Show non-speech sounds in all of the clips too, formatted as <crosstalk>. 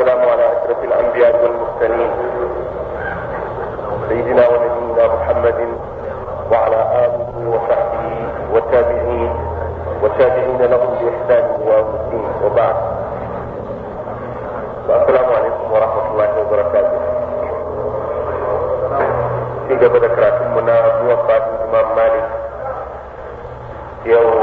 والسلام على أشرف الأنبياء والمرسلين سيدنا ونبينا محمد وعلى آله وصحبه والتابعين والتابعين لهم بإحسان يوم الدين وبعد السلام عليكم ورحمة الله وبركاته في قبل كراتمنا موقع الإمام مالك يوم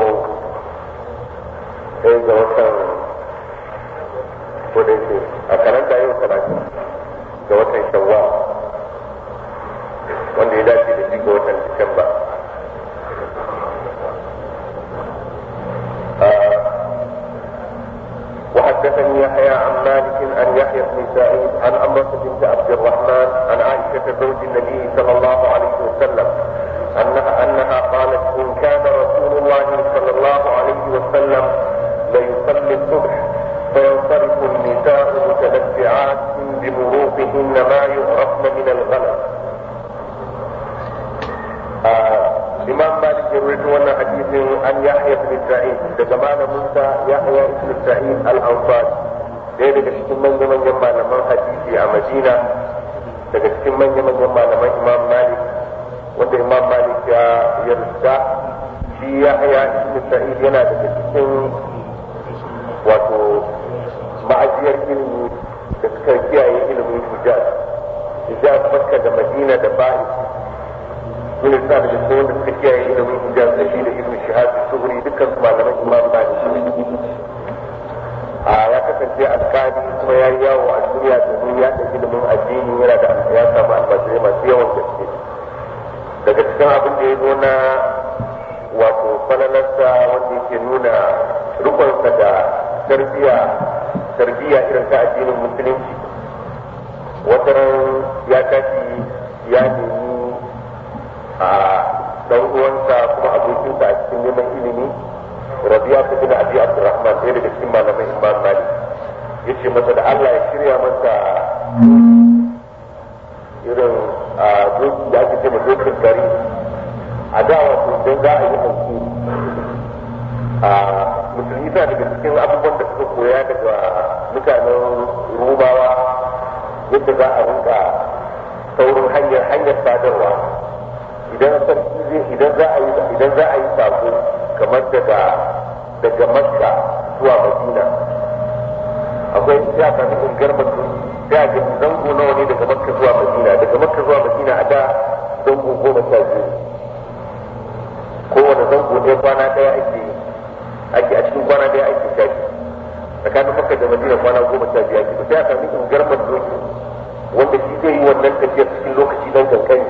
صلى الله عليه وسلم أنها, أنها قالت إن كان رسول الله صلى الله عليه وسلم ليصلي الصبح فينصرف النساء متلفعات بمروقهن ما يعرفن من الغنم آه، الإمام مالك يروي أن حديث عن يحيى بن سعيد لجمال موسى يحيى بن سعيد الأنصاري ذلك شكل من من جمال من حديثي عن مدينة manya-manyan malaman imam malik wanda imam malik ya yarda shi ya haya ibn sa'id yana da cikin wato ma'ajiyar ilimi da suka kiyaye ilimin hijaz hijaz makka da madina da ba'i sun yi sa daga wanda suka kiyaye ilimin hijaz da shi da ilimin shahab suhuri dukkan malaman imam malik kasance alkali kuma ya yawo a duniya domin ya da ilimin addini yana da ya samu almajirai masu yawan gaske daga cikin abin da ya zo na wato falalarsa wanda yake nuna rukunsa da tarbiyya tarbiya irin ta addinin musulunci wata ya tashi ya nemi a dan uwansa kuma abokinsa a cikin neman ilimi rabiya ta gina abi abdurrahman ɗaya daga cikin malamai imam malik ya ce mata da Allah ya shirya mata irin a doki da ake ce dokin gari a da wato idan za a yi hauku a musulmi daga cikin abubuwan da suka koya daga mutanen rubawa yadda za a rinka saurin hanyar hanyar sadarwa idan sarki zai idan za a yi idan za a yi sako kamar daga daga makka zuwa madina akwai ya sami ungar batu ya ga zango nawa ne daga makka zuwa madina daga makka zuwa madina a da zango goma sha biyu kowane zango ɗaya kwana ɗaya ake ake a cikin kwana ɗaya ake tashi tsakanin makka da madina kwana goma sha biyu ake sai a sami ungar batu wanda shi zai yi wannan tafiya cikin lokaci dan kankan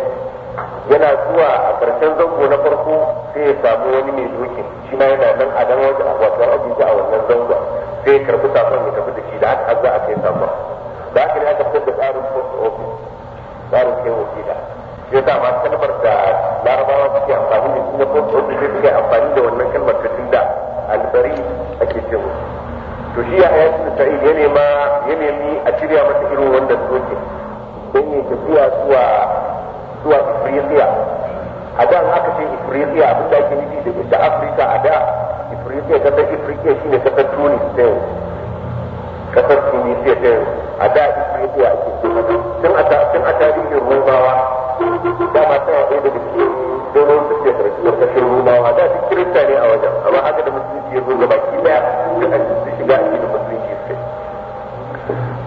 yana zuwa a ƙarshen zango na farko sai ya samu wani mai dokin shi ma yana nan a dan wajen wato a a wannan zangon sai karbi safon ya tafi da shi da haka za a kai sakon da haka ne aka fitar da tsarin post office tsarin kai wakila shi ya sa ma kalmar da larabawa suke amfani da shi na post office sai suke amfani da wannan kalmar ta tunda albari ake ce musu to shi ya hayatu da sa'id ya nema ya nemi a shirya masa irin wanda soke don ya tafiya zuwa zuwa ifritiya a da aka ce ifritiya abin da ake nufi da afirka a da shi ce kasar Afirka shi ne kasar Tunis ta yanzu kasar Tunisiya ta yanzu a da Afirka ake tun a tun a tarihin Romawa ma ta ɗaya da cikin donon da ke karkiyar kasar Romawa da duk Kirista ne a wajen amma haka da musulunci ya zo gaba ki daya su shiga a cikin musulunci su yace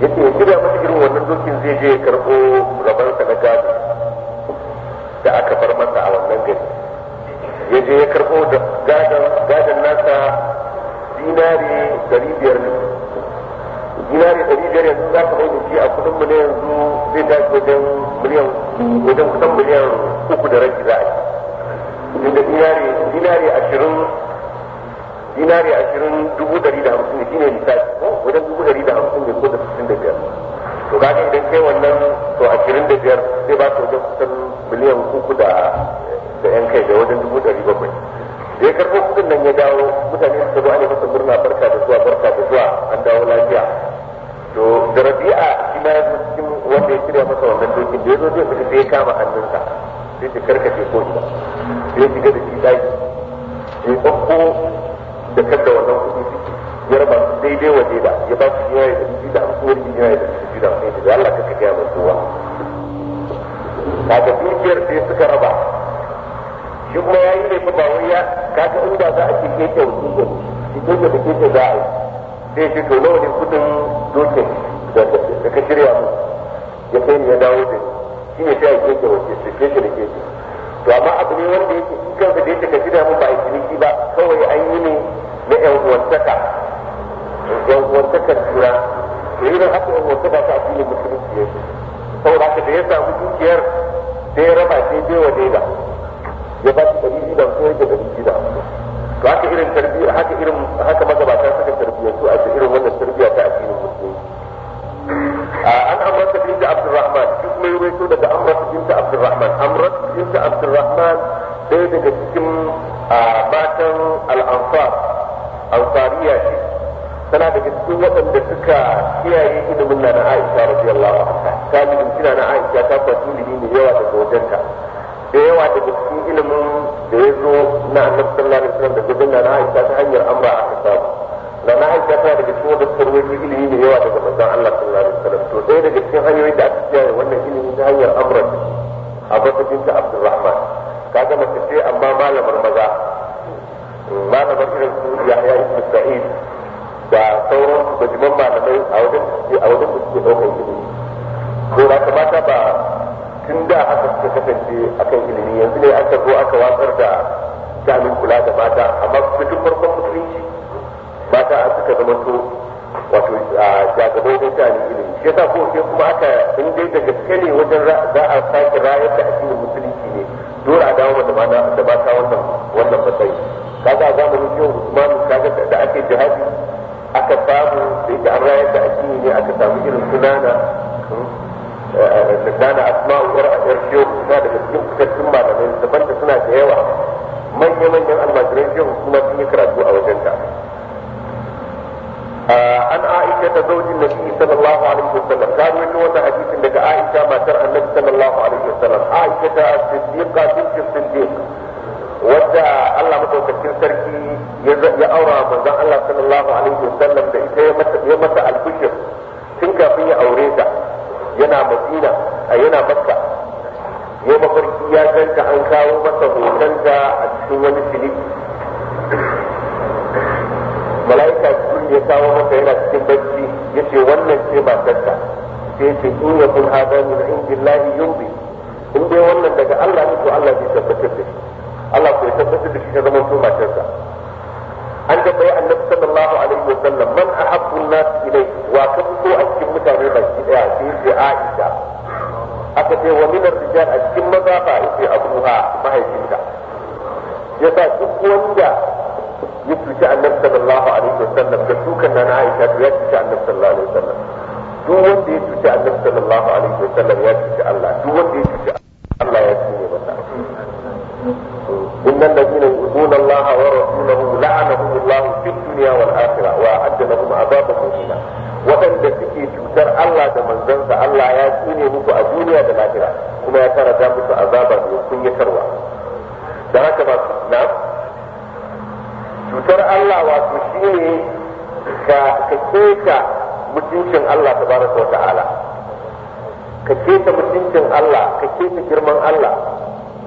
ya shirya masa irin wannan dokin zai je ya karɓo rabansa na gado da aka bar masa a wannan gari ya je ya karɓo gadon nasa dinari 500 biyar ne dinari dari yanzu za ka mai da shi a kudin mu ne yanzu zai ta wajen miliyan wajen kudin miliyan uku da rabi za a yi inda dinari dinari ashirin dinari ashirin dubu dari da hamsin ne shine misali wajen dubu dari da hamsin ne ko da sittin to kaga idan kai wannan to 25 da zai ba ta wajen kusan miliyan uku da da yan kai da wajen dubu ɗari bakwai da ya karɓo kuɗin nan ya dawo mutane suka zo ana masa murna barka da zuwa barka da zuwa an dawo lafiya to da rabi'a shi ma ya cikin wanda ya shirya masa wannan dokin da ya zo zai fita sai ya kama hannunsa sai ta karkace ko ina sai ya shiga da shi ɗaki ya ɗauko da kadda wannan kuɗi ya raba su daidai waje da ya ba su yawa ya da shi da wani gina ya da shi da amsuwar da Allah ka ka gaya mai kowa kaga dukiyar sai suka raba shi kuma ya yi laifin ba wai ya kaga inda za a ce wuce ne shi keke da keke za a yi sai shi to nawa ne kudin dokin da ka shirya mu ya kai ya dawo da shi ne sai a keke wuce shi keke da keke to amma abu ne wanda yake in kansa da yake ka shirya mu ba a ciniki ba kawai an yi ne na yan uwantaka yan uwantakar juna to irin haka yan uwantaka ta addinin musulunci yake saboda haka da ya samu dukiyar da ya raba sai bai wa daida ya ba shi ɗari biyu da hamsin yake ɗari biyu da hamsin to haka irin tarbiyya haka irin haka magabata suka tarbiyyantu a cikin irin wannan tarbiyya ta addinin musulunci an amrata binta abdurrahman shi kuma ya rawaito daga amrata binta abdurrahman amrata binta abdurrahman ɗaya daga cikin matan al'amfar ansariya ce tana daga cikin waɗanda suka kiyaye ilimin na na aisha radiyallahu anha ta ilimin na aisha ta kwasu ne mai yawa daga wajenta da yawa daga cikin ilimin da ya zo na annabi sallallahu alaihi wasallam da gudun na aisha ta hanyar amra aka samu na na aisha ta daga cikin wadda suka rawaito ilimi da yawa daga manzon Allah sallallahu alaihi wasallam to sai daga cikin hanyoyin da aka kiyaye wannan ilimi ta hanyar amra a bakin ta Abdulrahman kaga mace ce amma malamar maza malamar irin su Yahya ibn Sa'id da sauran gajiman malamai a wajen a wajen da suke ɗaukar ilimi ko da ta ba tun da haka suka kasance akan ilimi yanzu ne aka zo aka watsar da jami'in kula da mata amma su duk farkon musulunci mata a suka zama to wato da jami'in ilimi shi yasa ko sai kuma aka in dai da gaske ne wajen za a sake rayar da addinin musulunci ne dole a dawo da mata da mata wannan wannan matsayi kaga a zamanin yau usman kaga da ake jihadi aka samu da yake an rayar da addini ne aka samu irin sunana hmm, nana asma'u yar yar daga da suna yawa manya-manyan karatu a wajenta an aisha ta ta wannan daga aisha matar annabi sallallahu alaihi aisha ta wadda Allah sarki ya aura manzon Allah sallallahu alaihi wasallam da ita ya mata albishir tun kafin ya aure ta yana madina a yana makka ya mafarki ya ganta an kawo masa hotonta a cikin wani siliki mala'ika sun ya kawo masa yana cikin bacci ya ce wannan ce ba sai ce ce in ya kun haɗa min lahi yumbi in dai wannan daga Allah ne to Allah zai tabbatar da shi Allah ko ya tabbatar da shi ta zama to matarsa an tambayi annabi sallallahu alaihi wa sallam man ahabbu nas wa a cikin mutane baki daya sai ce Aisha aka ce wa min ar-rijal a cikin maza fa yace abuha mahaifinta yasa duk wanda ya tuci annabi sallallahu alaihi wa sallam da nan Aisha ya tuci annabi sallallahu alaihi wa sallam duk wanda ya tuci annabi sallallahu alaihi wa sallam ya tuci Allah duk wanda ya tuci إن الذين يؤذون الله ورسوله لعنهم الله في الدنيا والآخرة وأعد لهم عذابا مهينا وأن تكي تشوتر الله دمنزنس الله يأتيني مكو الدنيا والآخرة كما يترى دامك عذابا يكون يكروى da haka ba su الله cutar Allah wato الله تبارك وتعالى keta mutuncin الله ta baraka الله, ta'ala ka keta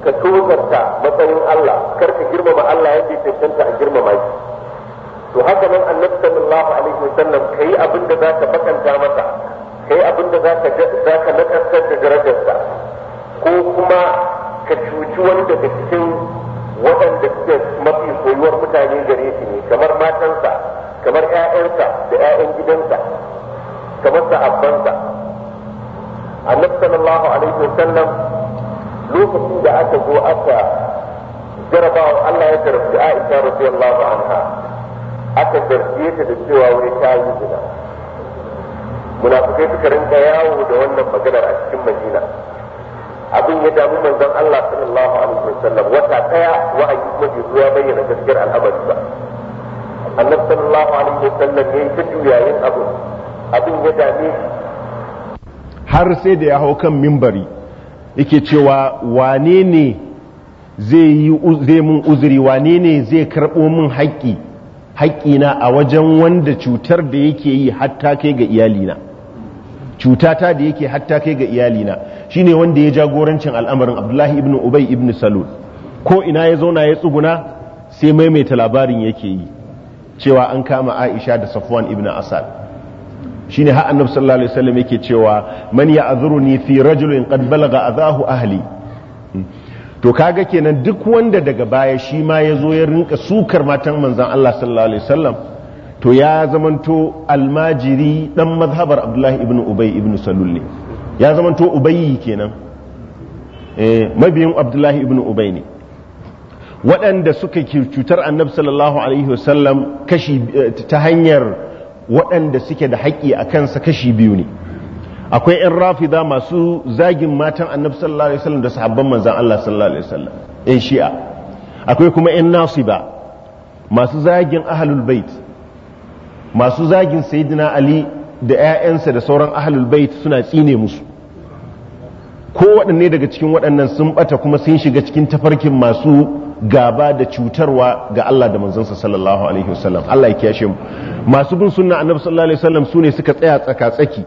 ka tozarta matsayin Allah kar ka girmama Allah yadda cancanta a girmama shi to haka nan annabi sallallahu alaihi wasallam kai abin da zaka bakanta masa kai abin da zaka zaka nakasar da darajarsa ko kuma ka cuci wani daga cikin waɗanda suke mafi soyuwar mutane gare shi ne kamar matansa kamar ƴaƴansa da ƴaƴan gidansa kamar sahabbansa annabi sallallahu alaihi wasallam lokacin da aka zo aka jarabawa Allah ya jarabta Aisha radiyallahu anha aka zarge ta da cewa wai ta yi zina munafikai suka rinka yawo da wannan maganar a cikin Madina abin ya damu manzon Allah sallallahu alaihi wasallam wata daya wa'ayi kuma bai zuwa bayyana gaskiyar al'amari ba annabi sallallahu alaihi wasallam yayi ta juyayin abu abin ya dame har sai da ya hau kan mimbari yake cewa wane ne zai mun uzuri wane ne zai karɓo min haƙƙi haƙƙina a wajen wanda cutar da yake yi hatta kai ga iyalina cutata da yake hatta kai ga iyalina shine wanda ya jagorancin al'amarin abdullahi ibn ubay ibn salul ko ina ya zauna ya tsuguna sai maimaita labarin yake yi cewa an kama aisha da safwan ibn asad shine har annabi sallallahu alaihi wasallam yake cewa man ya'zuruni fi rajulin qad balaga azahu ahli hmm. to kaga kenan duk wanda daga baya shi ma ya zo ya rinka sukar matan manzon Allah sallallahu alaihi wasallam to ya zamanto almajiri dan mazhabar Abdullahi ibn Ubay ibn Salul ya zamanto Ubayyi kenan eh mabiyin Abdullahi ibn Ubay ne waɗanda suka cutar annabi sallallahu alaihi wasallam kashi eh, ta hanyar waɗanda suke da haƙƙi a kansa kashi biyu ne akwai 'yan rafida masu zagin matan annabi sallallahu alaihi wasallam da sahabban manzan Allah sallallahu alaihi wasallam 'yan shi'a akwai kuma 'yan nasiba masu zagin ahlul bait masu zagin sayyidina ali da 'ya'yansa da sauran ahlul bait suna tsine musu ko waɗanne daga cikin waɗannan sun bata kuma sun shiga cikin tafarkin masu gaba da cutarwa ga Allah da manzansa sallallahu alaihi wasallam Allah ya kiyashe mu masu bin sunna annabi sallallahu alaihi wasallam sune suka tsaya tsaka tsaki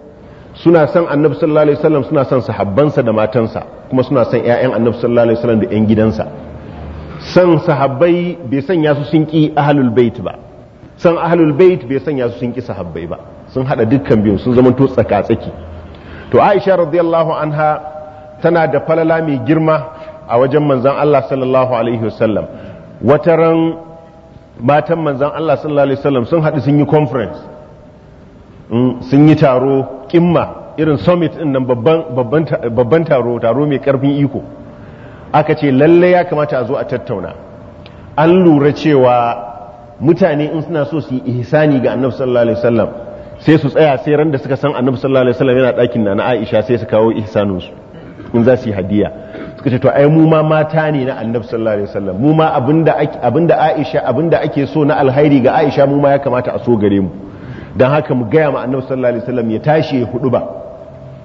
suna son annabi sallallahu alaihi wasallam suna son sahabbansa da matansa kuma suna son ƴaƴan annabi sallallahu alaihi wasallam da ƴan gidansa san sahabbai bai sanya su sun ki ahlul bait ba san ahlul bait bai sanya su sun ki sahabbai ba sun hada dukkan biyu sun zama to tsaka tsaki to Aisha radiyallahu anha tana da falala mai girma a wajen manzan Allah sallallahu alaihi wasallam wataran matan manzan Allah sallallahu alaihi wasallam sun haɗu sun yi conference mm, sun yi taro kimma irin summit ɗin nan babban taro taro mai ƙarfin iko aka ce lalle ya kamata a zo a tattauna an lura cewa mutane in suna so su yi ihsani ga annabi sallallahu alaihi wasallam sai su tsaya sai ran da suka san annabi sallallahu alaihi wasallam yana ɗakin na na Aisha sai su kawo ihsaninsu in za su yi hadiya suka ce to ai mu ma mata ne na annabi sallallahu alaihi wasallam mu ma abinda abinda Aisha abinda ake so na alhairi ga Aisha mu ma ya kamata a so gare mu dan haka mu gaya ma annabi sallallahu alaihi wasallam ya tashi ya hudu ba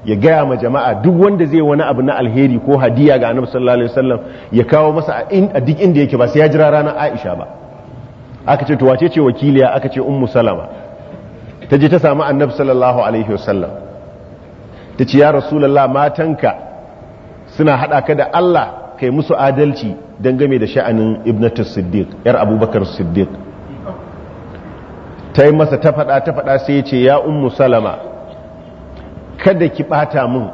ya gaya ma jama'a duk wanda zai wani abu na alheri ko hadiya ga annabi sallallahu alaihi wasallam ya kawo masa a duk inda yake ba sai ya jira ranar Aisha ba aka ce to wace ce wakiliya aka ce ummu salama ta je ta samu annabi sallallahu alaihi wasallam ta ce ya rasulullah matanka suna hada ka da Allah kai musu adalci game da sha'anin ibnatu siddiq yar abubakar siddiq ta yi masa ta fada ta fada sai ya ce ya ummu salama kada ki bata mun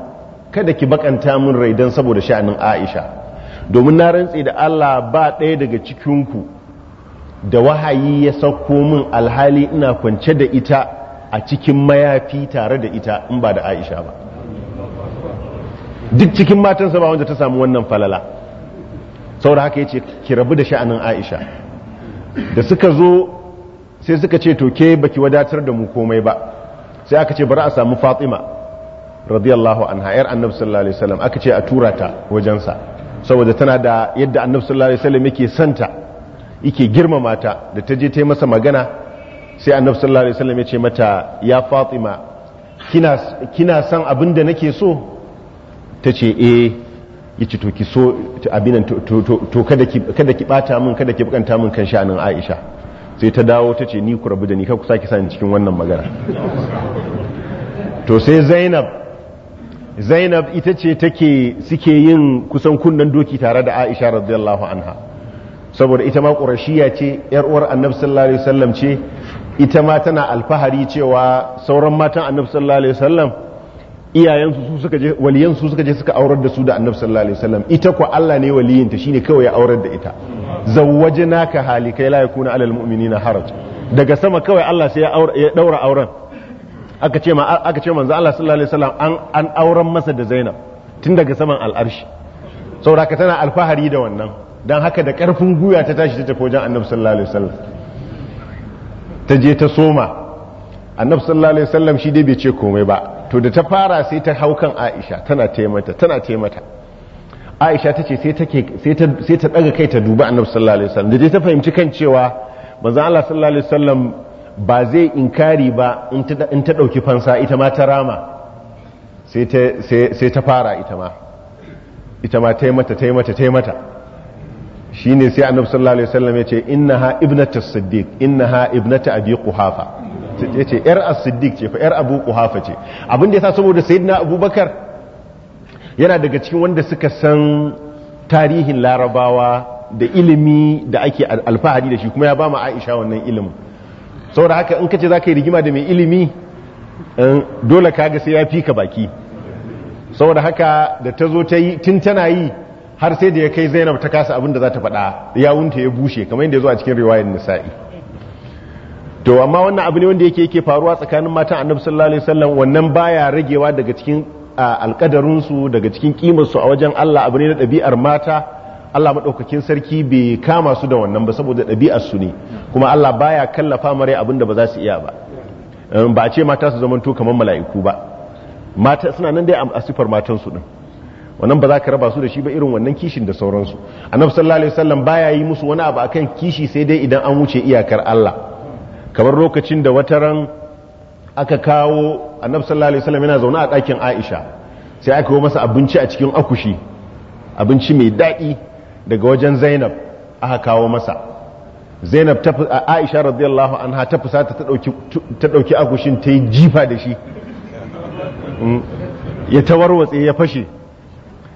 kada ki bakanta mun rai don saboda sha'anin aisha domin na rantse da Allah ba ɗaya daga cikinku da wahayi ya sauko min alhali ina kwance da ita a cikin mayafi tare da ita in ba da aisha ba duk cikin matansa ba wanda ta samu wannan falala saboda haka yace ki rabu da sha'anin Aisha da suka zo sai suka ce to ke baki wadatar da mu komai ba sai aka ce bari a samu Fatima radiyallahu anha yar annabi sallallahu alaihi wasallam aka ce a tura ta wajen sa saboda tana da yadda annabi sallallahu alaihi wasallam yake santa yake girmama ta da ta je ta yi masa magana sai annabi sallallahu alaihi wasallam ya ce mata ya Fatima kina kina san abin da nake so ta ce eh ya ce to so abinan to kada ki bata min kada ki bukanta min kan sha'anin aisha sai ta dawo ta ce ni ku rabu da ni kan ku sani cikin wannan magana to sai zainab zainab ita ce take suke yin kusan kunnen doki tare da aisha radiyallahu anha saboda ita ma ƙurashiya ce yar uwar annabi sallallahu alaihi wasallam ce ita ma tana alfahari cewa sauran matan annabi sallallahu alaihi wasallam iyayensu su suka je waliyansu suka je suka aurar da su da annabi sallallahu alaihi wasallam ita ko Allah ne waliyinta shine kawai ya aurar da ita zawwajnaka halikai la yakuna alal mu'minina haraj daga sama kawai Allah sai ya daura auren aka ce aka ce manzo Allah sallallahu alaihi wasallam an an auren masa da Zainab tun daga saman al'arshi saboda tana alfahari da wannan dan haka da karfin guya ta tashi ta tafi wajen annabi sallallahu alaihi wasallam ta je ta soma annabi sallallahu alaihi wasallam shi dai bai ce komai ba to da ta fara sai ta hau kan aisha tana taimata tana taimata aisha ta ce sai ta daga kai ta duba annabi sallallahu alaihi wasallam da ta fahimci kan cewa manzon Allah sallallahu alaihi wasallam ba zai inkari ba in ta dauki fansa ita ma ta rama sai ta fara ita ma ita ma taimata taimata taimata shine sai annabi sallallahu alaihi wasallam ya ce innaha ibnatu siddiq innaha ibnatu abi quhafa ya ce yar as ce fa yar abu kuhafa ce abin da ya sa saboda sayyidina abubakar yana daga cikin wanda suka san tarihin larabawa da ilimi da ake alfahari da shi kuma ya ba mu aisha wannan ilimin saboda haka in ka ce za ka yi rigima da mai ilimi eh, dole ka ga sai ya fi ka baki saboda haka da ta zo ta yi tun tana yi har sai da ya kai zainab ta kasa abin da za ta faɗa wunta ya bushe kamar yadda ya zo a cikin riwayar nisa'i to amma wannan abu ne wanda yake yake faruwa tsakanin matan annabi sallallahu alaihi wasallam wannan baya ragewa daga cikin su daga cikin kimarsu a wajen Allah abu ne na ɗabi'ar mata Allah maɗaukakin sarki bai kama su da wannan ba saboda ɗabi'ar su ne kuma Allah baya kallafa mare abinda ba za su iya ba um, ba ce mata su zamanto kamar mala'iku ba mata suna nan dai a sifar matan su din wannan ba za ka raba su da shi ba irin wannan kishin da sauransu annabi sallallahu alaihi wasallam baya yi musu wani abu akan kishi sai dai idan an wuce iyakar Allah kamar lokacin da wataran aka kawo a sallallahu alaihi wasallam yana zaune a ɗakin Aisha sai aka yi masa abinci a cikin akushi abinci mai daɗi daga wajen Zainab aka kawo masa Zainab ta Aisha radiyallahu anha ta fusata ta ta ɗauki akushin ta yi jifa da shi mm. ya tawarwatse ya fashe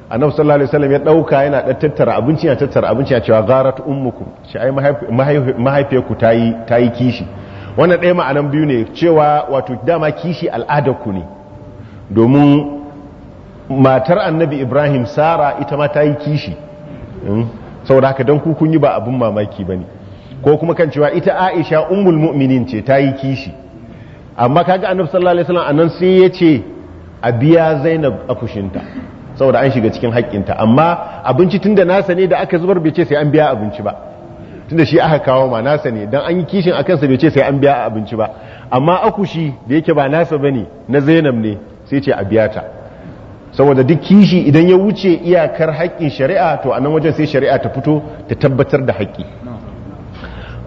annabi sallallahu alaihi wasallam ya dauka yana da tattara abinci ya tattara abinci ya cewa gharat ummukum shi ai mahaifiyarku ta yi kishi wannan ɗaya ma'anan biyu ne cewa wato dama kishi al'adar ku ne domin matar annabi ibrahim sara ita ma ta yi kishi hmm? saboda haka don kun yi ba abin mamaki ba ne ko kuma kan cewa ita aisha umul mu'minin ce ta yi kishi amma ga annabi sallallahu alaihi wasallam nan sai ya ce a biya zainab a fushinta saboda an shiga cikin haƙƙinta amma abinci tun da nasa ne da aka zubar bai ce sai an biya abinci ba da shi aka kawo ma nasa ne dan an yi kishin akan sa bai ce sai an biya a abinci ba amma akushi da yake ba nasa bane na Zainab ne sai ce a biya ta saboda duk kishi idan ya wuce iyakar haƙƙin shari'a to a nan wajen sai shari'a ta fito ta tabbatar da haƙƙi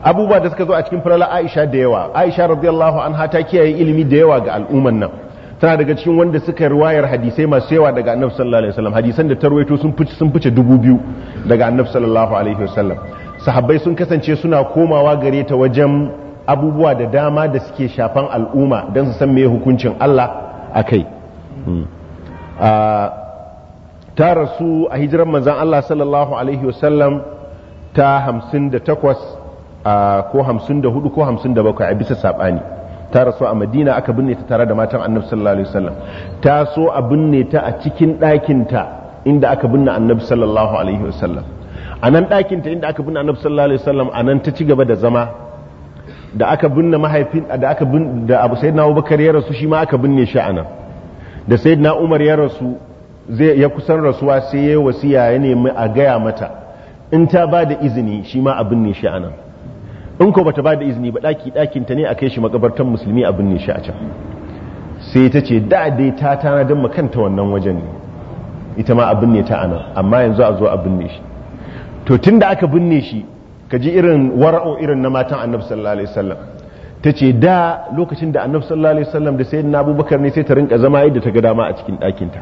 abubuwa da suka zo a cikin falala aisha da yawa aisha radiyallahu anha ta kiyaye ilimi da yawa ga al'umman nan tana daga cikin wanda suka riwayar hadisai masu yawa daga annabi sallallahu alaihi wasallam hadisan da tarwaito sun fice sun fice dubu biyu daga annabi sallallahu alaihi wasallam sahabbai sun kasance suna komawa gare ta wajen abubuwa da dama da suke shafan al'umma don su san me hukuncin Allah a kai hmm. ta rasu a hijiran manzan Allah sallallahu alaihi wasallam ta hamsin da takwas ko hamsin da hudu ko hamsin da bakwai a bisa saɓani ta rasu a madina aka binne ta tare da matan annabi sallallahu alaihi wasallam ta so a binne ta a cikin ɗakinta inda aka binne annabi sallallahu alaihi wasallam a nan ɗakin ta inda aka binne annabi sallallahu alaihi wasallam a nan ta ci gaba da zama da aka binne mahaifin da aka bin da abu sayyidina abubakar ya rasu shi ma aka binne shi a nan da sayyidina umar ya rasu zai ya kusan rasuwa sai ya wasiya ya nemi a gaya mata in ta ba da izini shi ma a binne shi a nan in ko bata ba da izini ba ɗaki ɗakin ta ne a kai shi makabartan musulmi a binne shi a can sai ta ce da dai ta tana don makanta wannan wajen ne ita ma a binne ta a nan amma yanzu a zo a binne shi to tun da aka binne shi ka ji irin wara'o irin na matan annabi sallallahu alaihi wasallam ta ce da lokacin da annabi sallallahu alaihi wasallam da sayyidina abubakar ne sai ta rinka zama yadda ta ga dama a cikin ɗakinta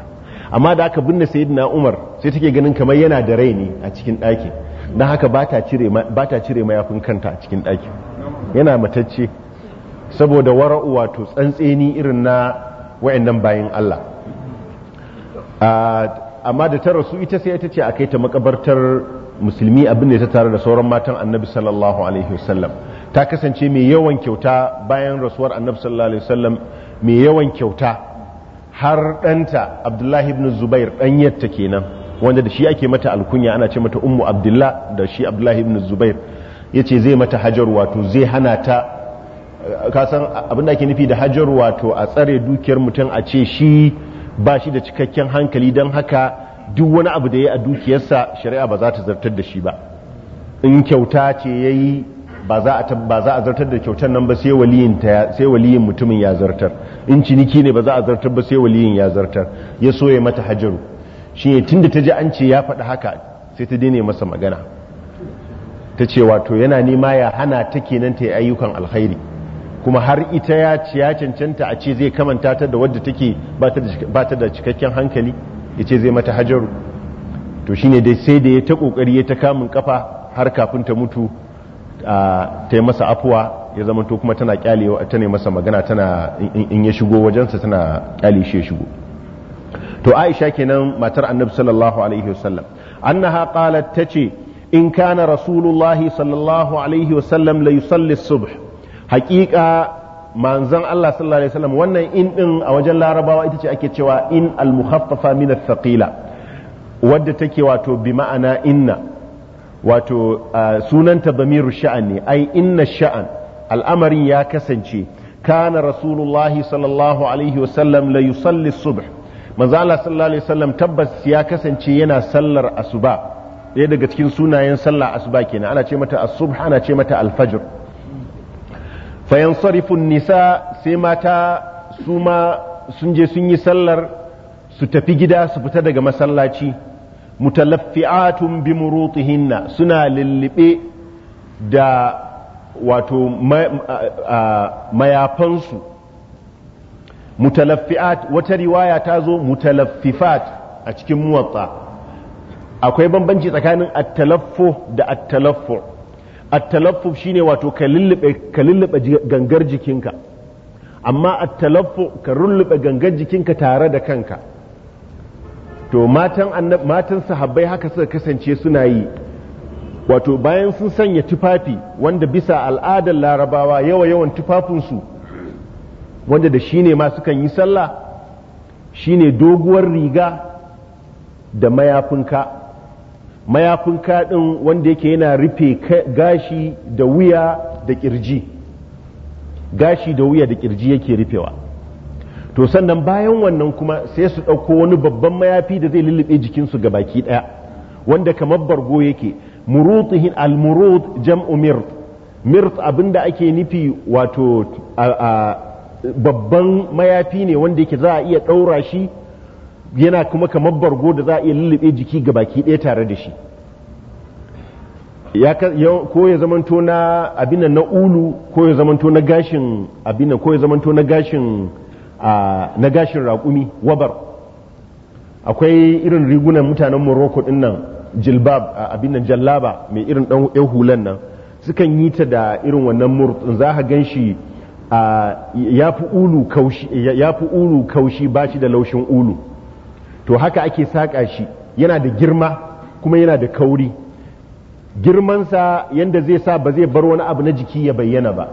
amma da aka binne sayyidina umar sai take ganin kamar yana da rai ne a cikin ɗakin don haka ba ta cire mayafin kanta a cikin ɗakin yana matacce saboda wara'u wato tsantseni irin na wa'annan bayan Allah ah, amma da ta rasu ita sai ita ce a kai ta makabartar musulmi abin da ya tare da sauran matan annabi sallallahu alaihi wasallam ta kasance mai yawan kyauta bayan rasuwar annabi sallallahu alaihi wasallam mai yawan kyauta har ɗanta abdullahi ibn zubair ɗanyarta kenan wanda da shi ake mata alkunya ana ce mata ummu abdullah da shi abdullahi ibn zubair ya zai mata hajar wato zai hana ta kasan abin da ake nufi da hajar wato a tsare dukiyar mutum a ce shi ba shi da cikakken hankali don haka duk wani abu da ya a dukiyarsa shari'a ba za ta zartar da shi ba in kyauta ce ya yi ba za a zartar da kyautar nan ba sai waliyin mutumin ya zartar in ciniki ne ba za a zartar ba sai waliyin ya zartar ya so ya mata hajaru shi ne tun da ta ji an ce ya faɗi haka sai ta daina masa magana ta ce wato yana nema ya hana ta kenan ta yi ayyukan alkhairi kuma har ita ya cancanta a ce zai kamanta ta da wadda take ba ta da cikakken hankali ya ce zai mata hajaru to shine dai sai da ya ta kokari ya ta kamun kafa har kafin ta mutu ta yi masa afuwa ya zama to kuma tana kyale ta ne masa magana tana in ya shigo wajensa tana kyale shi ya shigo to aisha kenan matar annabi sallallahu alaihi wasallam annaha qalat tace in kana rasulullahi sallallahu alaihi wasallam la yusalli subh haqiqa manzon Allah sallallahu alaihi wasallam wannan in din a wajen larabawa ita ce ake cewa in al-mukhaffafa min wadda take wato bi ma'ana inna wato sunanta damiru sha'an ne ai inna sha'an al'amarin ya kasance kana rasulullahi sallallahu alaihi wasallam la yusalli subh manzo Allah sallallahu alaihi wasallam tabbas ya kasance yana sallar asuba ɗaya daga cikin sunayen sallar asuba kenan ana ce mata as-subh ana ce mata al-fajr fayan sarifin nisa sai mata su ma sun je sun yi sallar su tafi gida su fita daga masallaci mutalaffi'atun bi murutihinna suna lullube da wato mayafansu mutalaffi'at wata riwaya ta zo mutalaffifat a cikin muwatsa, akwai bambanci tsakanin attalaffo da attalaffo at shi ne wato ka lullube gangar jikinka amma at ka lullube gangar jikinka tare da kanka to matan matan sahabbai haka suka kasance suna yi wato bayan sun sanya tufafi wanda bisa al'adar larabawa yawa yawan tufafinsu wanda da shi ne masu kan yi sallah shi ne doguwar riga da mayafinka mayafin kaɗin wanda yake yana rufe gashi da wuya da ƙirji gashi da wuya da ƙirji yake rufewa to sannan bayan wannan kuma sai su ɗauko wani babban mayafi da zai lullube jikinsu ga baki ɗaya wanda kamar bargo yake murutihin almurut jam'u mirt mirt abinda ake nufi wato babban mayafi ne wanda yake za a iya ɗaura shi yana kuma kamar bargo da za a iya lullube jiki ga baki ɗaya tare da shi ko ya zamanto na abinan na ulu ko ya zamanto na gashin abinan ko ya zamanto na gashin na gashin raƙumi wabar akwai irin rigunan mutanen morocco din nan jilbab a abinan jallaba mai irin ɗan hulan nan sukan yi ta da irin wannan murtsin za a gan shi ya fi ulu kaushi ba shi da laushin ulu to haka ake saƙa shi yana da girma kuma yana da kauri girmansa yadda zai sa ba zai bar wani abu na jiki ya bayyana ba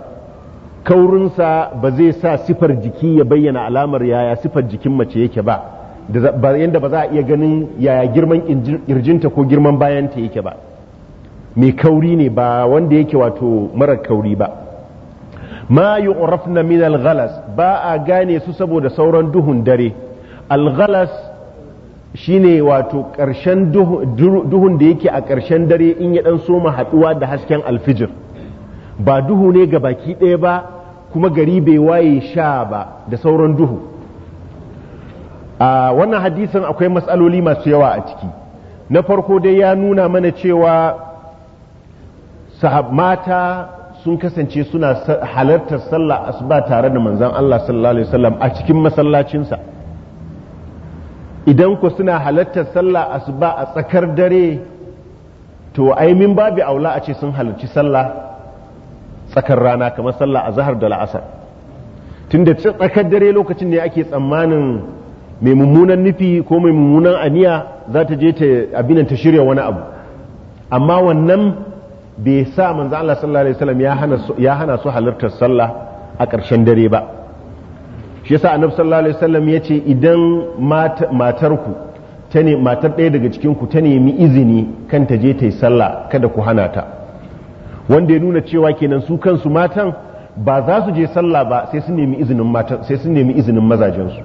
kaurinsa ba zai sa sifar jiki ya bayyana alamar yaya sifar jikin mace yake ba Yadda ba za a iya ganin yaya girman kirjinta ko girman bayanta yake ba mai kauri ne ba wanda yake wato mara kauri ba ma na min al ba a gane su saboda sauran duhun dare alghalas shine wato ƙarshen duhun da yake a ƙarshen dare in ya ɗan soma haɗuwa da hasken alfijir ba duhu ne ga baki ɗaya ba kuma gari bai waye sha ba da sauran duhu a wannan hadisin akwai matsaloli masu yawa a ciki na farko dai ya nuna mana cewa mata sun kasance suna halartar sallah asuba tare da manzan Allah sallallahu alaihi wasallam a cikin masallacinsa idan ku suna halartar sallah asuba a tsakar dare to ai min babu aula a ce sun halarci sallah tsakar rana kamar sallah a zahar da la'asar tunda tsakar dare lokacin ne ake tsammanin mai mummunan nufi ko mai mummunan aniya za ta je ta abinan ta shirya wani abu amma wannan bai sa manzo Allah sallallahu alaihi wasallam ya hana su halartar sallah a ƙarshen dare ba shi yasa annabi sallallahu alaihi wasallam yace idan matar matarku ta ne matar ɗaya daga cikin ku ta nemi izini kan ta je ta yi sallah kada ku hana ta wanda ya nuna cewa kenan su kansu matan ba za su je sallah ba sai sun nemi izinin matan sai sun nemi izinin mazajen su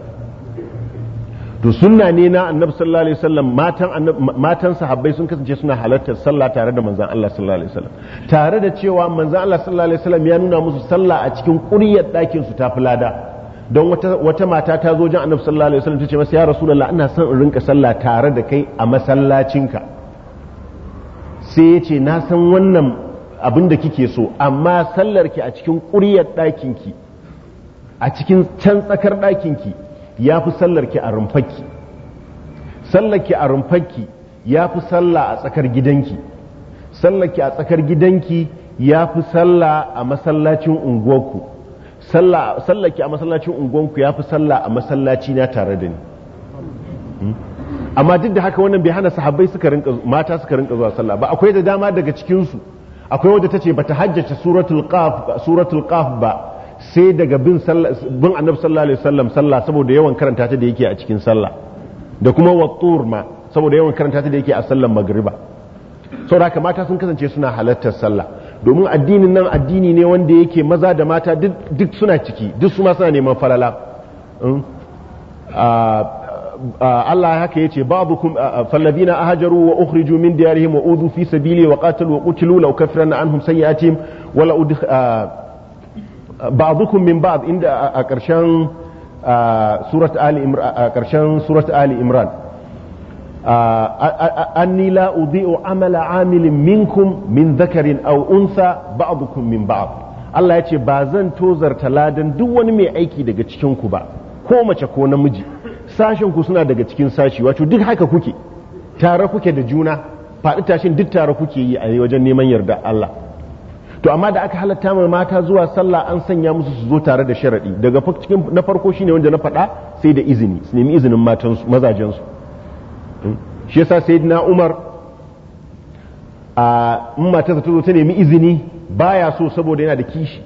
to sunna ne na annabi sallallahu alaihi wasallam matan matan sahabbai sun kasance suna halartar sallah tare da manzon Allah sallallahu alaihi wasallam tare da cewa manzon Allah sallallahu alaihi wasallam ya nuna musu sallah a cikin ƙuryar ɗakin su ta fulada don wata mata ta zo jan annabi sallallahu alaihi wasallam tace masa ya rasulullah ina son in rinka sallah tare da kai a masallacinka sai ya ce na san wannan abin da kike so amma sallar ki a cikin ƙuryar ɗakinki a cikin can tsakar ɗakinki ya fi ki a rumfakki ki a rumfakki ya fi sallah a tsakar gidanki sallar ki a tsakar gidanki ya fi sallah a masallacin unguwarku sallah ki a masallacin unguwanku ya fi sallah a masallaci na tare da ni hmm? amma duk da haka wannan bai hana sahabbai suka rinka mata suka rinka zuwa sallah ba akwai da dama daga cikin su akwai wanda tace bata hajjace suratul qaf suratul qaf ba sai daga bin sallah bin annabi sallallahu alaihi wasallam sallah saboda yawan karanta ta da yake a cikin sallah da kuma wattur ma saboda yawan karanta ta da yake a sallan magriba saboda haka mata sun kasance suna halartar sallah domin addinin nan addini ne wanda yake maza da mata duk suna ciki duk su suna neman falala mm? Allah haka yace ba'dukum falladina ahajaru wa ukhriju min diyarihim wa udu fi sabili wa qatalu wa qutilu law kafaranna anhum sayi'atihim wa la ba'dukum min ba'd inda a karshen surat ali imran a karshen surat ali imran anni la udhi'u amala amilin minkum min dhakarin aw unsa ba'dukum min ba'd Allah yace ba zan tozarta ladan duk wani mai aiki daga cikinku ba ko mace ko namiji sashen ku suna daga cikin sashi wato duk haka kuke tare kuke da juna faɗi tashin duk tare kuke yi a wajen neman yarda Allah to amma da aka halatta mai mata zuwa sallah an sanya musu su zo tare da sharaɗi daga cikin na farko shine wanda na faɗa sai da izini su nemi izinin matansu mazajensu Hmm? shi yasa na umar a in matarsa ta zo ta nemi izini baya so saboda yana da kishi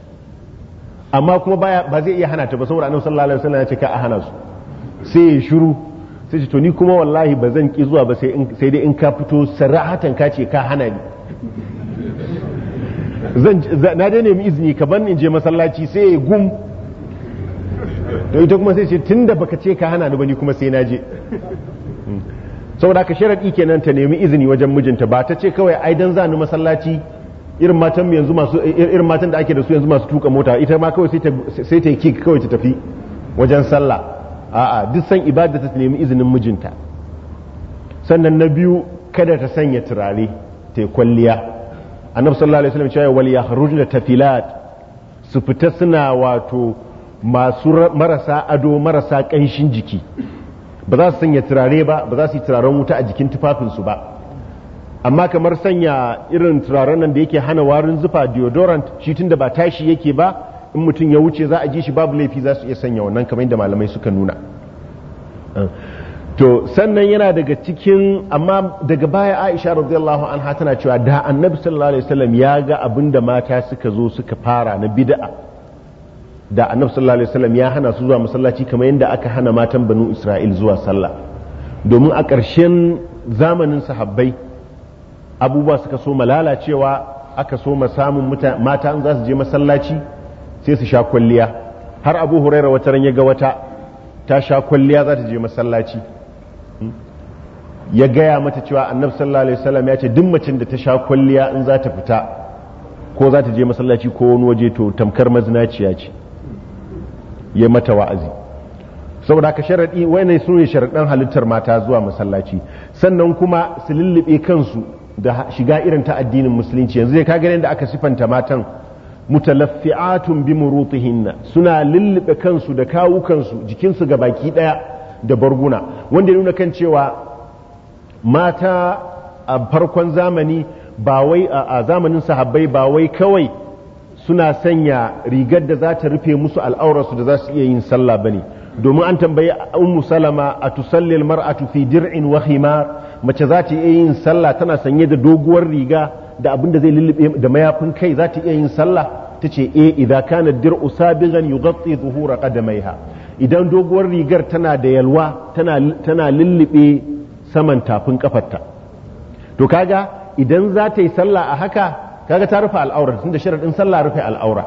amma kuma baya ba zai iya hana ta ba saboda annabi sallallahu alaihi wasallam ya ce ka a hana su sai ya shiru sai ce to ni kuma wallahi ba zan ki zuwa ba sai dai in ka fito sarahatan ka ce ka hana ni na dai nemi izini ka ban in je masallaci sai ya gum da ita kuma sai ce tun da baka ce ka hana ni ba ni kuma sai na je hmm. saboda ka sharaɗi kenan ta nemi izini wajen mijinta ba ta ce kawai ai dan zanu masallaci irin matan yanzu masu irin matan da ake da su yanzu masu tuka mota ita ma kawai sai ta sai ta kick kawai ta tafi wajen sallah a'a duk san ibada ta nemi izinin mijinta sannan na biyu kada ta sanya turare ta kwalliya annabi sallallahu alaihi wasallam cewa wal da tafilat su fita suna wato masu marasa ado marasa kanshin jiki ba za su sanya turare ba ba za su yi turaren wuta a jikin tufafinsu ba amma kamar sanya irin turaren nan da yake hana warin zufa deodorant shi da ba tashi yake ba in mutum ya wuce za a ji shi babu laifi za su iya sanya wannan kamar yadda malamai suka nuna ah. to sannan yana daga cikin amma daga baya Aisha radiyallahu anha tana cewa da Annabi sallallahu alaihi wasallam ya ga abinda mata suka zo suka fara na bid'a da annabi sallallahu alaihi wasallam ya hana su zuwa masallaci kamar yadda aka hana matan banu isra'il zuwa sallah domin a ƙarshen zamanin sahabbai abubuwa suka so lalacewa aka so samun mata an za su je masallaci sai su sha kwalliya har abu huraira wata ran ya ga wata ta sha kwalliya za ta je masallaci hmm? ya gaya mata cewa annabi sallallahu alaihi wasallam ya ce duk macin da ta sha kwalliya in za ta fita ko za ta je masallaci ko wani waje to tamkar mazinaciya ce ya mata wa'azi saboda ka sharaɗi wai ne ne sharaɗan halittar mata zuwa masallaci sannan kuma su lullube kansu da shiga irin ta addinin musulunci yanzu ka kaga da aka sifanta matan mutalaffi'atun bi murutihinna suna lullube kansu da kawukansu jikinsu ga baki ɗaya da barguna wanda ya nuna kan cewa mata a farkon zamani ba wai a zamanin sahabbai ba wai kawai suna sanya rigar da za ta rufe musu al'aurarsu da za su iya yin sallah ba ne domin an tambayi ummu salama a tusallil mar'atu fi dir'in wa khimar mace za ta iya yin sallah tana sanye da doguwar riga da abin da zai lullube da mayafin kai za ta iya yin sallah ta ce e idza kana dir'u sabigan yughatti zuhura qadamaiha idan doguwar rigar tana da yalwa tana tana lullube saman tafin kafarta to kaga idan za ta yi sallah a haka kaga ta rufe al'aura tun da sharaɗin sallah rufe al'aura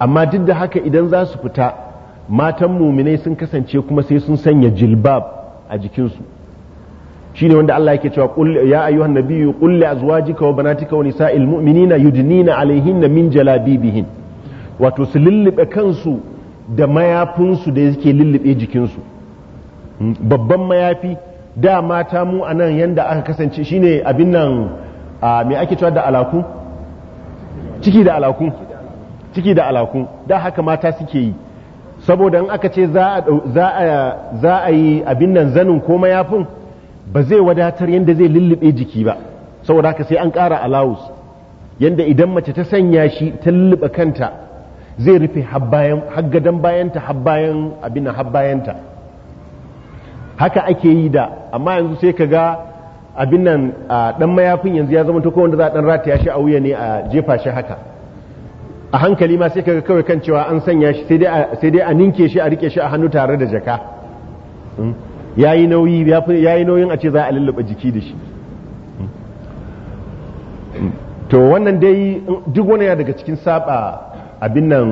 amma duk da haka idan za su fita matan muminai sun kasance kuma sai sun sanya jilbab a jikinsu shine wanda Allah yake cewa qul ya ayyuhan nabiyyu qul li azwajika wa banatika wa nisa'il mu'minina yudnina alaihinna min jalabibihin wato su lullube kansu da mayafinsu da yake lullube jikinsu hmm, babban mayafi da mata mu a nan yanda aka kasance shine abin nan a me ake cewa da alaku ciki da alaku ciki da alaku da haka mata suke yi saboda in aka ce za a yi abin nan zanin ko mayafin ba zai wadatar yadda zai lullube jiki ba saboda haka sai an ƙara alawus yadda idan mace ta sanya shi ta lullube kanta zai rufe haggadan bayanta habbayan abin habbayanta haka ake yi da amma yanzu sai ka ga abin nan dan mayafin yanzu ya zama to ko wanda za a dan rataya shi a wuya ne a jefa shi haka a hankali ma sai kaga kawai kan cewa an sanya shi sai dai a ninke shi a rike shi a hannu tare da jaka hmm? yayi nauyi yayi nauyin a ce za a lallaba jiki da shi hmm? Hmm? to wannan dai duk wani ya daga cikin saba abin nan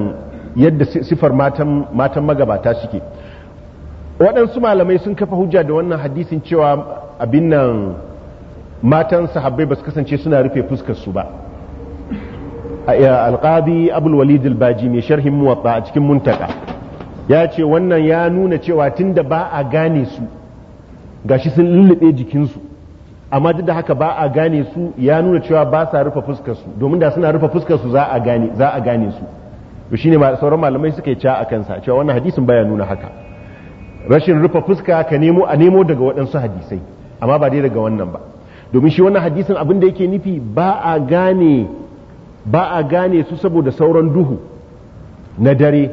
yadda sifar matan matan magabata suke waɗansu malamai sun kafa hujja da wannan hadisin cewa abin nan matan sahabbai ba su kasance suna rufe fuskar su ba alqadi abul walid al-baji mai sharhin muwatta a cikin muntaka ya ce wannan ya nuna cewa tunda ba a gane su gashi sun lullube jikinsu amma duk da haka ba a gane su ya nuna cewa ba sa rufe fuskar su domin da suna rufe fuskar su za a gane za a gane su to shine sauran malamai suka yi ca a kansa cewa wannan hadisin baya nuna haka rashin rufe fuska ka nemo a nemo daga waɗansu hadisai amma ba dai daga wannan ba domin shi wannan hadisin abin da yake nufi ba a gane ba a gane su saboda sauran duhu na dare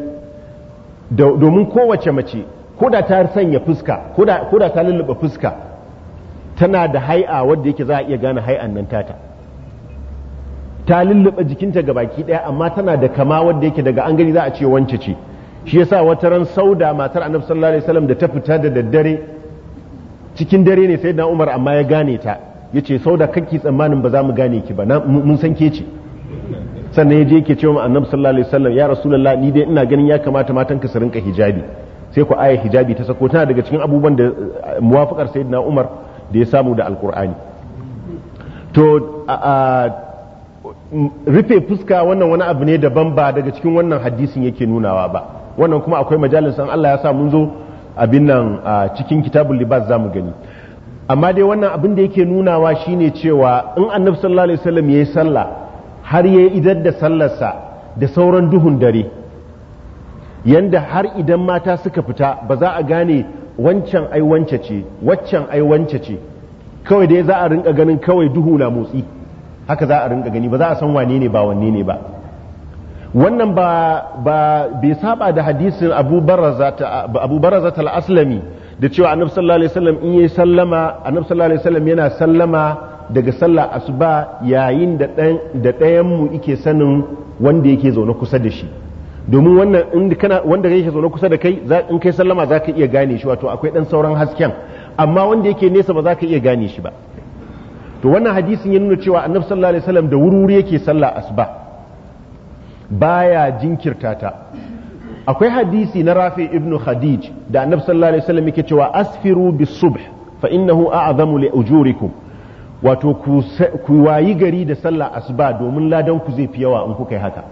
domin kowace mace ko da ta sanya fuska ko da ta lullube fuska tana da hai'a wadda yake za a iya gane hai'an nan tata ta lullube jikinta ga baki daya amma tana da kama wadda yake daga an gani za a ce wance ce shi yasa wata ran sauda matar annabi sallallahu alaihi wasallam da ta fita da daddare cikin dare ne sai na umar amma ya gane ta ya ce sau da kake tsammanin ba za mu gane ki ba mun san ke ce sannan ya je yake wa annabi sallallahu alaihi wasallam ya rasulullahi ni dai ina ganin ya kamata matan ka su rinka hijabi sai ku aya hijabi ta sako tana daga cikin abubuwan da eh, muwafaqar sayyidina Umar da ya samu da alqur'ani to rufe fuska wannan wani abu ne daban ba daga cikin wannan hadisin yake nunawa ba wannan kuma akwai majalisan Allah ya sa mun zo abin nan cikin kitabul libas zamu gani amma dai wannan abin da yake nunawa shine cewa in annabi sallallahu alaihi wasallam yayi sallah har yayi idar da sallarsa da sauran duhun dare yanda har idan mata suka fita ba za a gane wancan ai wance ce waccan ai wance ce kawai dai za a rinka ganin kawai duhu na motsi haka za a rinka gani ba za a san wane ne ba wanne ne ba wannan ba bai saba da hadisin abu baraza ta al-aslami da cewa annabi sallallahu alaihi wasallam in yayi sallama annabi sallallahu alaihi wasallam yana sallama daga sallah asuba yayin da dan da ɗayan mu yake sanin wanda yake zaune kusa da shi domin wannan in kana wanda yake zaune kusa da kai in kai sallama zaka iya gane shi wato akwai dan sauran hasken amma wanda yake nesa ba za ka iya gane shi ba to wannan hadisin ya nuna cewa annabi sallallahu alaihi wasallam da wuri-wuri yake sallah asuba baya jinkirta ta akwai hadisi na rafi ibn khadij da annabi sallallahu alaihi wasallam yake cewa asfiru bis subh fa innahu a'zamu li ujurikum wato ku wayi gari da sallah asuba domin ladan ku zai fi yawa in kuka yi haka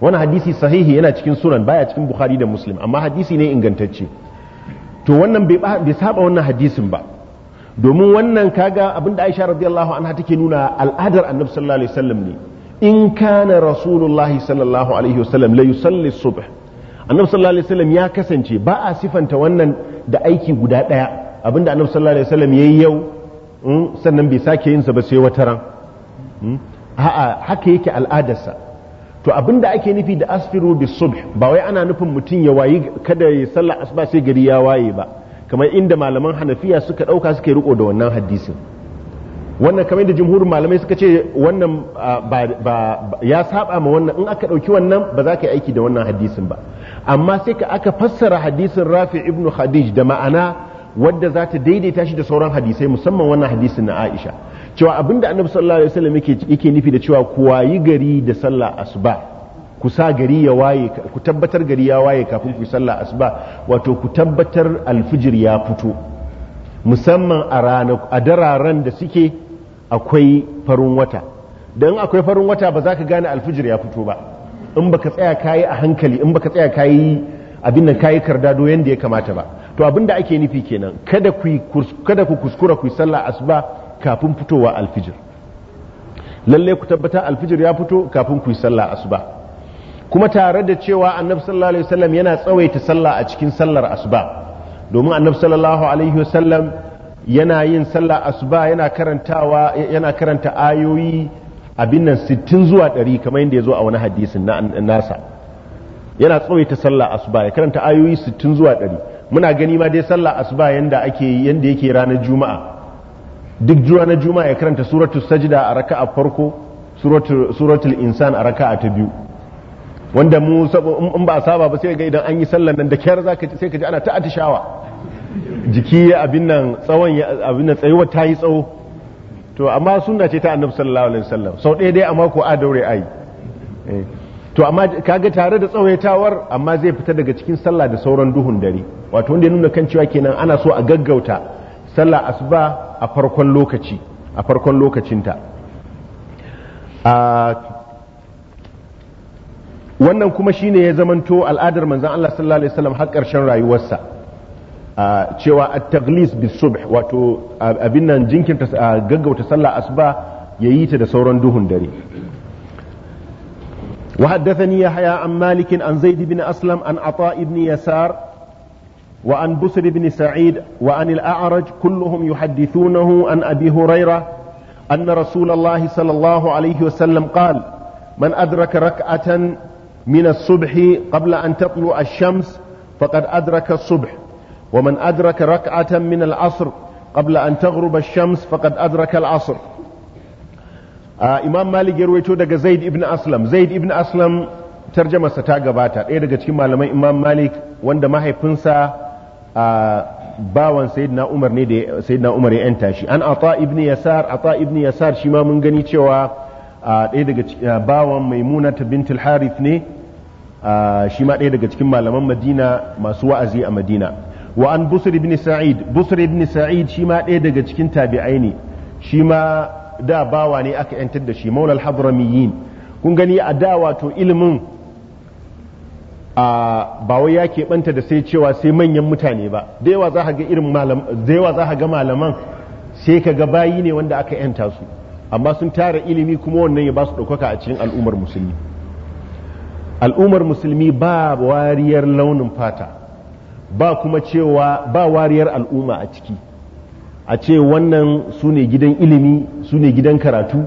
wani hadisi sahihi yana cikin sunan baya cikin bukhari da muslim amma hadisi ne ingantacce to wannan bai saba wannan hadisin ba domin wannan kaga abinda aisha radiyallahu anha take nuna al'adar annabi sallallahu alaihi wasallam ne in kana rasulullahi sallallahu alaihi wasallam la yusalli subh annabi sallallahu alaihi wasallam ya kasance ba a sifanta wannan da aiki guda daya abinda annabi sallallahu alaihi wasallam yayi yau hmm, sannan bai sake yin sa ba sai wata ran hmm, a'a haka yake al'adarsa to abinda ake nufi da asfiru bis subh ba wai ana nufin mutum ya wayi kada ya sallar asuba sai gari ya waye ba kamar inda malaman hanafiya suka ɗauka suka yi riko da wannan hadisin wannan kamar da jumhurin malamai suka ce wannan ba ya saba ma wannan in aka ɗauki wannan ba za ka yi aiki da wannan hadisin ba amma sai ka aka fassara hadisin rafi ibnu khadij da ma'ana wadda za ta daidaita shi da sauran hadisai musamman wannan hadisin na aisha cewa abinda annabi sallallahu alaihi wasallam yake nufi da cewa ku wayi gari da sallah asuba ku sa gari ya waye ku tabbatar gari ya waye kafin ku sallah asuba wato ku tabbatar alfijir ya fito musamman a ranar a dararen da suke akwai farin wata don akwai farin wata ba za ka gane alfijir ya fito ba in baka tsaya kayi a hankali in baka tsaya kayi abin nan kayi kardado yanda ya kamata ba to abin da ake nufi kenan kada ku kada ku kuskura ku sallah asuba kafin fitowa alfijir lalle ku tabbata alfijir ya fito kafin ku salla sallah asuba kuma tare da cewa annabi sallallahu alaihi wasallam yana tsawaita sallah a cikin sallar asuba domin annabi sallallahu alaihi wasallam yana yin sallah asuba yana karantawa yana karanta ayoyi abin nan sittin zuwa ɗari kamar yadda ya zo a wani hadisin nasa yana tsawaita sallah asuba ya karanta ayoyi sittin zuwa ɗari muna gani ma dai sallah asuba yanda ake yanda yake ranar juma'a duk ranar juma'a ya karanta suratu sajda a raka'a farko suratul insan a raka ta biyu wanda mu in ba a saba ba sai ga idan an yi sallar nan da kyar zaka sai ka ji ana ta atishawa jiki abin nan tsawon abin nan tsayuwa ta yi tsawo to amma sunna ce ta annabi sallallahu alaihi wasallam sau ɗaya dai a mako a daure ai eh. to amma kaga tare da tsawaitawar amma zai fita daga cikin sallah da sauran duhun dare wato wanda ya nuna kan cewa kenan ana so a gaggauta sallah asuba a farkon lokaci a farkon lokacinta wannan kuma shine ya zamanto al'adar manzon Allah sallallahu alaihi wasallam har ƙarshen rayuwarsa cewa a taglis bis subh wato abin nan jinkinta gaggauta sallah asuba yayi ta da sauran duhun dare وحدثني يحيى عن مالك عن زيد بن أسلم عن عطاء بن يسار وعن بسر بن سعيد وعن الأعرج كلهم يحدثونه عن أبي هريرة أن رسول الله صلى الله عليه وسلم قال من أدرك ركعة من الصبح قبل أن تطلع الشمس فقد أدرك الصبح ومن أدرك ركعة من العصر قبل أن تغرب الشمس فقد أدرك العصر آه إمام مالك يرويته دقى زيد ابن أسلم زيد ابن أسلم ترجمة ستاقة باتا إيه دقى تكيما لما إمام مالك وند ما هي بنسا آه باوان سيدنا عمر نيدي سيدنا عمر ينتاشي أن أطاء ابن يسار أطاء ابن يسار شما من غني تشوا ɗaya daga bawan maimuna ta bintul harith ne shi ma ɗaya daga cikin malaman madina masu wa'azi a madina wa an busri ibn sa'id busri ibn sa'id shi ma ɗaya daga cikin tabi'ai ne shi ma da bawa ne aka yantar da shi maulal hadramiyin kun gani a da wato ilimin ba wai ya keɓanta da sai cewa sai manyan mutane ba da yawa za ga ga malaman sai ka ga bayi ne wanda aka yanta su amma sun tara ilimi kuma wannan ya ba su ɗaukaka a cikin al'ummar musulmi al'ummar musulmi ba wariyar launin fata ba kuma cewa ba wariyar al'umma a ciki a ce wannan su ne gidan ilimi su ne gidan karatu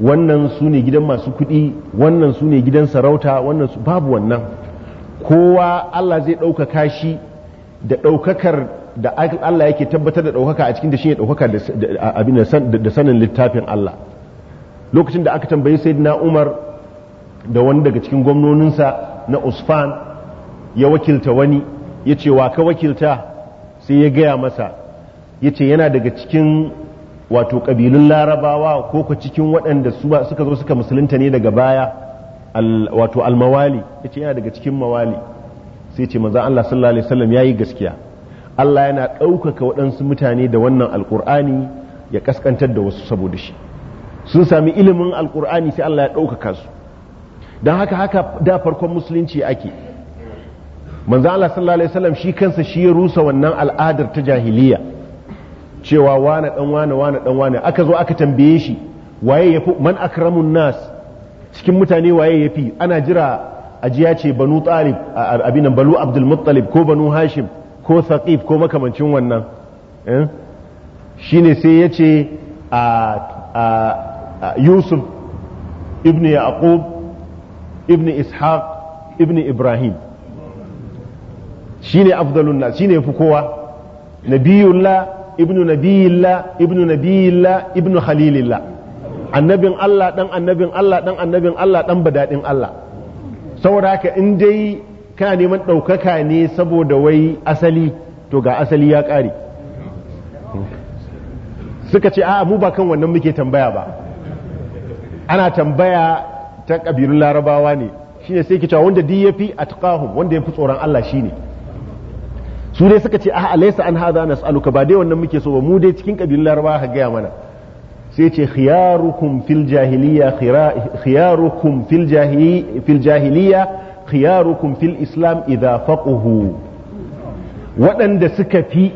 wannan su ne gidan masu kuɗi wannan su ne gidan sarauta wannan su babu wannan kowa Allah zai ɗaukaka shi da ɗaukakar da Allah yake tabbatar da ɗaukaka a cikin da shi ne ɗaukaka da sanin littafin Allah lokacin da aka tambayi sayyidina Umar da wani daga cikin gwamnoninsa na Usfan ya wakilta wani ya ce wa ka wakilta sai ya gaya masa ya ce yana daga cikin wato ƙabilun larabawa ko ku cikin waɗanda suka zo suka musulunta ne daga baya wato almawali ya ce yana daga cikin mawali sai ce maza Allah sallallahu alaihi wasallam ya yi gaskiya Allah yana ɗaukaka waɗansu mutane da wannan alƙur'ani ya ƙasƙantar da wasu saboda shi sun sami ilimin alƙur'ani sai Allah ya ɗaukaka su don haka haka da farkon musulunci ake manzo Allah sallallahu alaihi wasallam shi kansa shi ya rusa wannan al'adar ta jahiliya cewa wane dan wane wane dan wane aka zo aka tambaye shi waye fi man akramun nas cikin mutane waye yafi ana jira ajiya ce banu talib abin nan balu abdul muttalib ko banu hashim ko saqif ko makamancin wannan eh? shine sai yace a yusuf ibn yaqub ibn ishaq ibn ibrahim shine afdalun nas shine yafi kowa nabiyullah ibnu nabiyillah ibnu nabiyillah ibnu khalilillah annabin Allah dan annabin Allah dan annabin Allah dan badadin Allah saboda haka in dai kana neman ɗaukaka ne saboda wai asali to ga asali ya ƙare suka ce a mu ba kan wannan muke tambaya ba ana tambaya ta kabilun larabawa ne shine sai ki cewa wanda duk yafi atqahum wanda ya fi tsoron Allah shi ne su suka ce a alaysa an na su ba dai wannan muke so ba mu dai cikin kabilun laraba ka gaya mana sai ce khiyarukum fil jahiliya khiyarukum fil fil islam idan faquhu waɗanda suka fi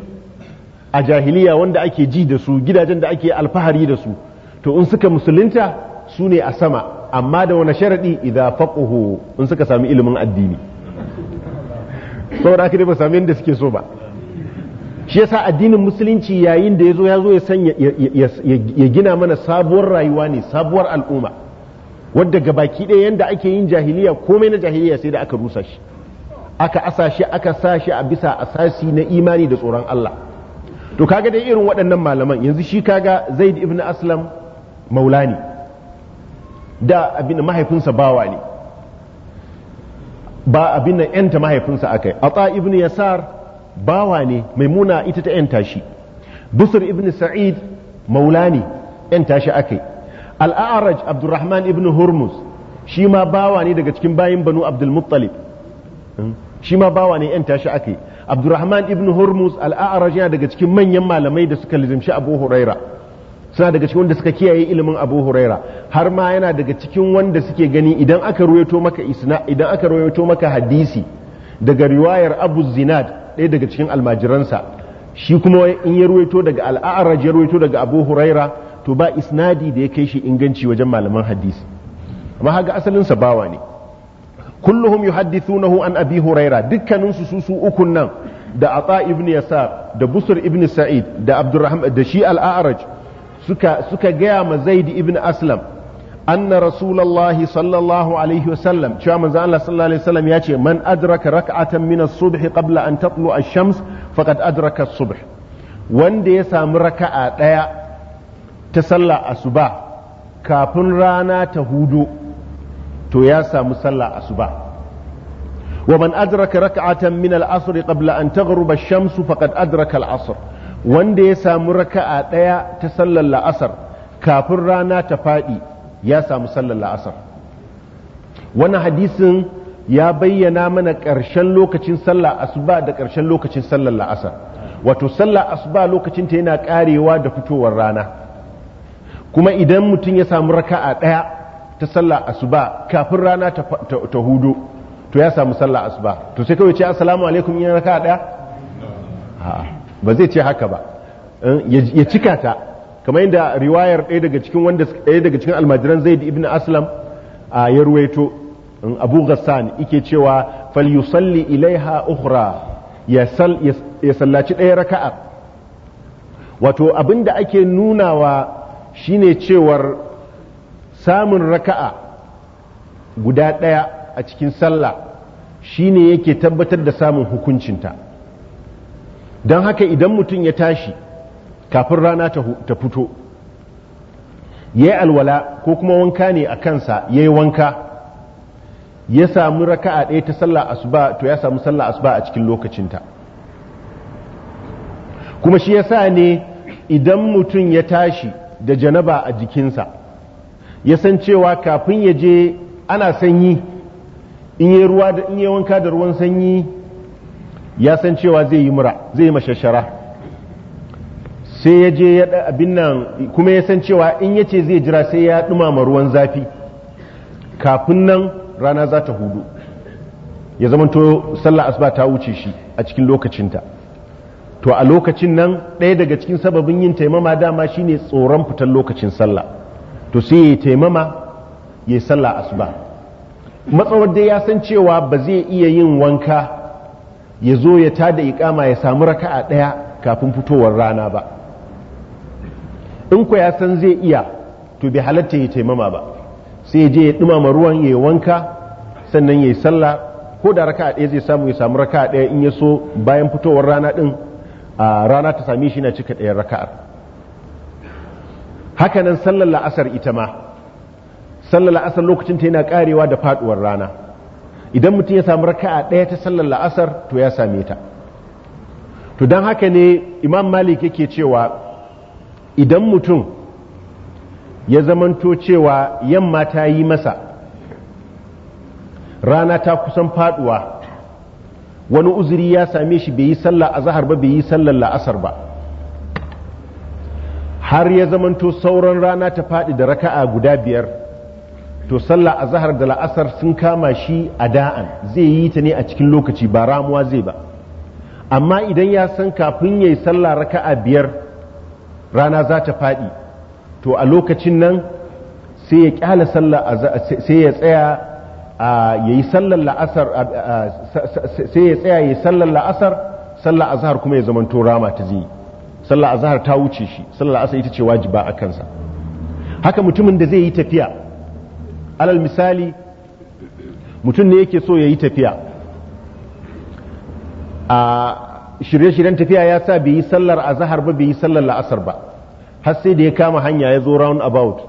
a jahiliya wanda ake ji da su gidajen da ake alfahari da su to in suka musulunta su ne a sama amma da wani sharaɗi idan faquhu in suka sami ilimin addini saboda haka dai ba sami yadda suke so ba shi yasa addinin musulunci yayin da ya zo ya zo ya sanya ya gina mana sabuwar rayuwa ne sabuwar al'umma wadda ga baki ɗaya yadda ake yin jahiliya komai na jahiliya sai da aka rusa shi aka asa aka sa shi a bisa asasi na imani da tsoron Allah to kaga dai irin waɗannan malaman yanzu shi kaga zaid ibn aslam maulani da abin mahaifinsa bawa ne ba abin nan yanta mahaifinsa akai ata ibn yasar bawa ne maimuna ita ta yanta shi busur ibn sa'id maula ne yanta shi aka yi al'araj abdurrahman ibn hurmuz shi ma bawa ne daga cikin bayin banu abdul muttalib hmm? shi ma bawa ne yanta shi yi abdurrahman ibn hurmus al'araj yana daga cikin manyan malamai da suka lizimshi abu huraira suna daga cikin wanda suka kiyaye ilimin abu huraira har ma yana daga cikin wanda suke gani idan aka ruwaito maka isna idan aka ruwaito maka hadisi daga riwayar abu zinad ɗaya daga cikin almajiransa shi kuma in ya ruwaito daga al'a'araj ya ruwaito daga abu huraira to ba isnadi da ya kai shi inganci wajen malaman hadisi amma haga asalinsa bawa ne kulluhum yuhaddithunahu an abi huraira dukkaninsu su su ukun nan da ata ibn yasar da busur ibn sa'id da abdurrahman da shi al'a'araj suka gaya ma zaid ibn aslam anna rasulullahi sallallahu alaihi wasallam cewa manzo Allah sallallahu alaihi wasallam ya ce man adraka rak'atan min as-subh qabla an tatlu ash-shams faqad adraka as-subh wanda ya samu raka'a daya ta sallah asuba kafin rana ta hudu to ya samu sallah asuba wa man adraka rak'atan min al-asr qabla an taghruba ash-shams faqad adraka al-asr wanda ya samu raka'a ɗaya ta sallar la'asar kafin rana ta faɗi ya samu sallar la'asar wani hadisin ya bayyana mana ƙarshen lokacin sallar asuba da ƙarshen lokacin sallar la'asar wato sallar asuba lokacin ta yana ƙarewa da fitowar rana kuma idan mutum ya samu raka'a ɗaya ta sallar asuba kafin rana ta hudu to ya samu sallar asuba to sai kawai ce assalamu alaikum yin raka'a ɗaya ba zai ce haka ba ya cika ta kamar yadda riwayar ɗaya daga cikin wanda ɗaya daga almajiran zaid ibn aslam a yarwaito abu ghassan yake cewa fal yusalli ilaiha ukhra ya sallaci ɗaya raka'a wato abin da ake nunawa shine cewar samun raka'a guda ɗaya a cikin sallah shine yake tabbatar da samun hukuncinta don haka idan mutum ya tashi kafin rana ta fito ya yi alwala ko kuma wanka ne a kansa ya yi wanka ya samu raka'a ɗaya ta sallah asuba to ya samu sallah asuba a cikin lokacinta kuma shi ya sa ne idan mutum ya tashi da janaba a jikinsa ya san cewa kafin ya je ana sanyi in yi wanka da ruwan sanyi ya san cewa zai yi mura zai yi mashashara sai ya je ya abin nan kuma ya san cewa in ya ce zai jira sai ya dumama ruwan zafi kafin nan rana za ta hudu ya zamanto sallah asuba ta wuce shi a cikin lokacinta to a lokacin nan ɗaya daga cikin sababin yin taimama dama shine tsoron fitar lokacin sallah to sai ya taimama ya sallah asuba matsawar dai ya san cewa ba zai iya yin wanka ya zo ya tada ikama ya samu raka'a ɗaya kafin fitowar rana ba in ku ya san zai iya to bai halatta ya taimama ba sai ya je ya ɗumama ruwan ya wanka sannan ya yi sallah ko da raka'a ɗaya zai samu ya samu raka'a ɗaya in ya so bayan fitowar rana ɗin a rana ta sami shi na cika ɗayan raka'ar hakanan sallar la'asar ita ma sallar la'asar lokacin ta yana karewa da faɗuwar rana idan mutum ya samu raka'a ɗaya ta sallar la'asar to ya same ta to don haka ne imam malik yake cewa idan mutum ya zamanto cewa yamma ta yi masa rana ta kusan faduwa wani uzuri ya same shi bai yi sallah a zahar ba bai yi sallar la'asar ba har ya zamanto sauran rana ta faɗi da raka'a guda biyar to sallah zahar da la'asar sun kama shi a da'an zai yi ta ne a cikin lokaci ba ramuwa zai ba amma idan ya san kafin yayi sallah raka'a biyar rana za ta faɗi to a lokacin nan sai ya kyala sallah sai ya tsaya yayi sallar la'asar sai ya tsaya yayi sallar la'asar sallah azhar kuma ya zamanto rama ta zai sallah azhar ta wuce shi sallah asar ita ce wajiba a kansa haka mutumin da zai yi tafiya alal misali mutum ne yake so ya yi tafiya a shirye-shiryen tafiya ya sa bai yi sallar a zahar ba bai yi sallar la'asar ba har sai da ya kama hanya ya zo round about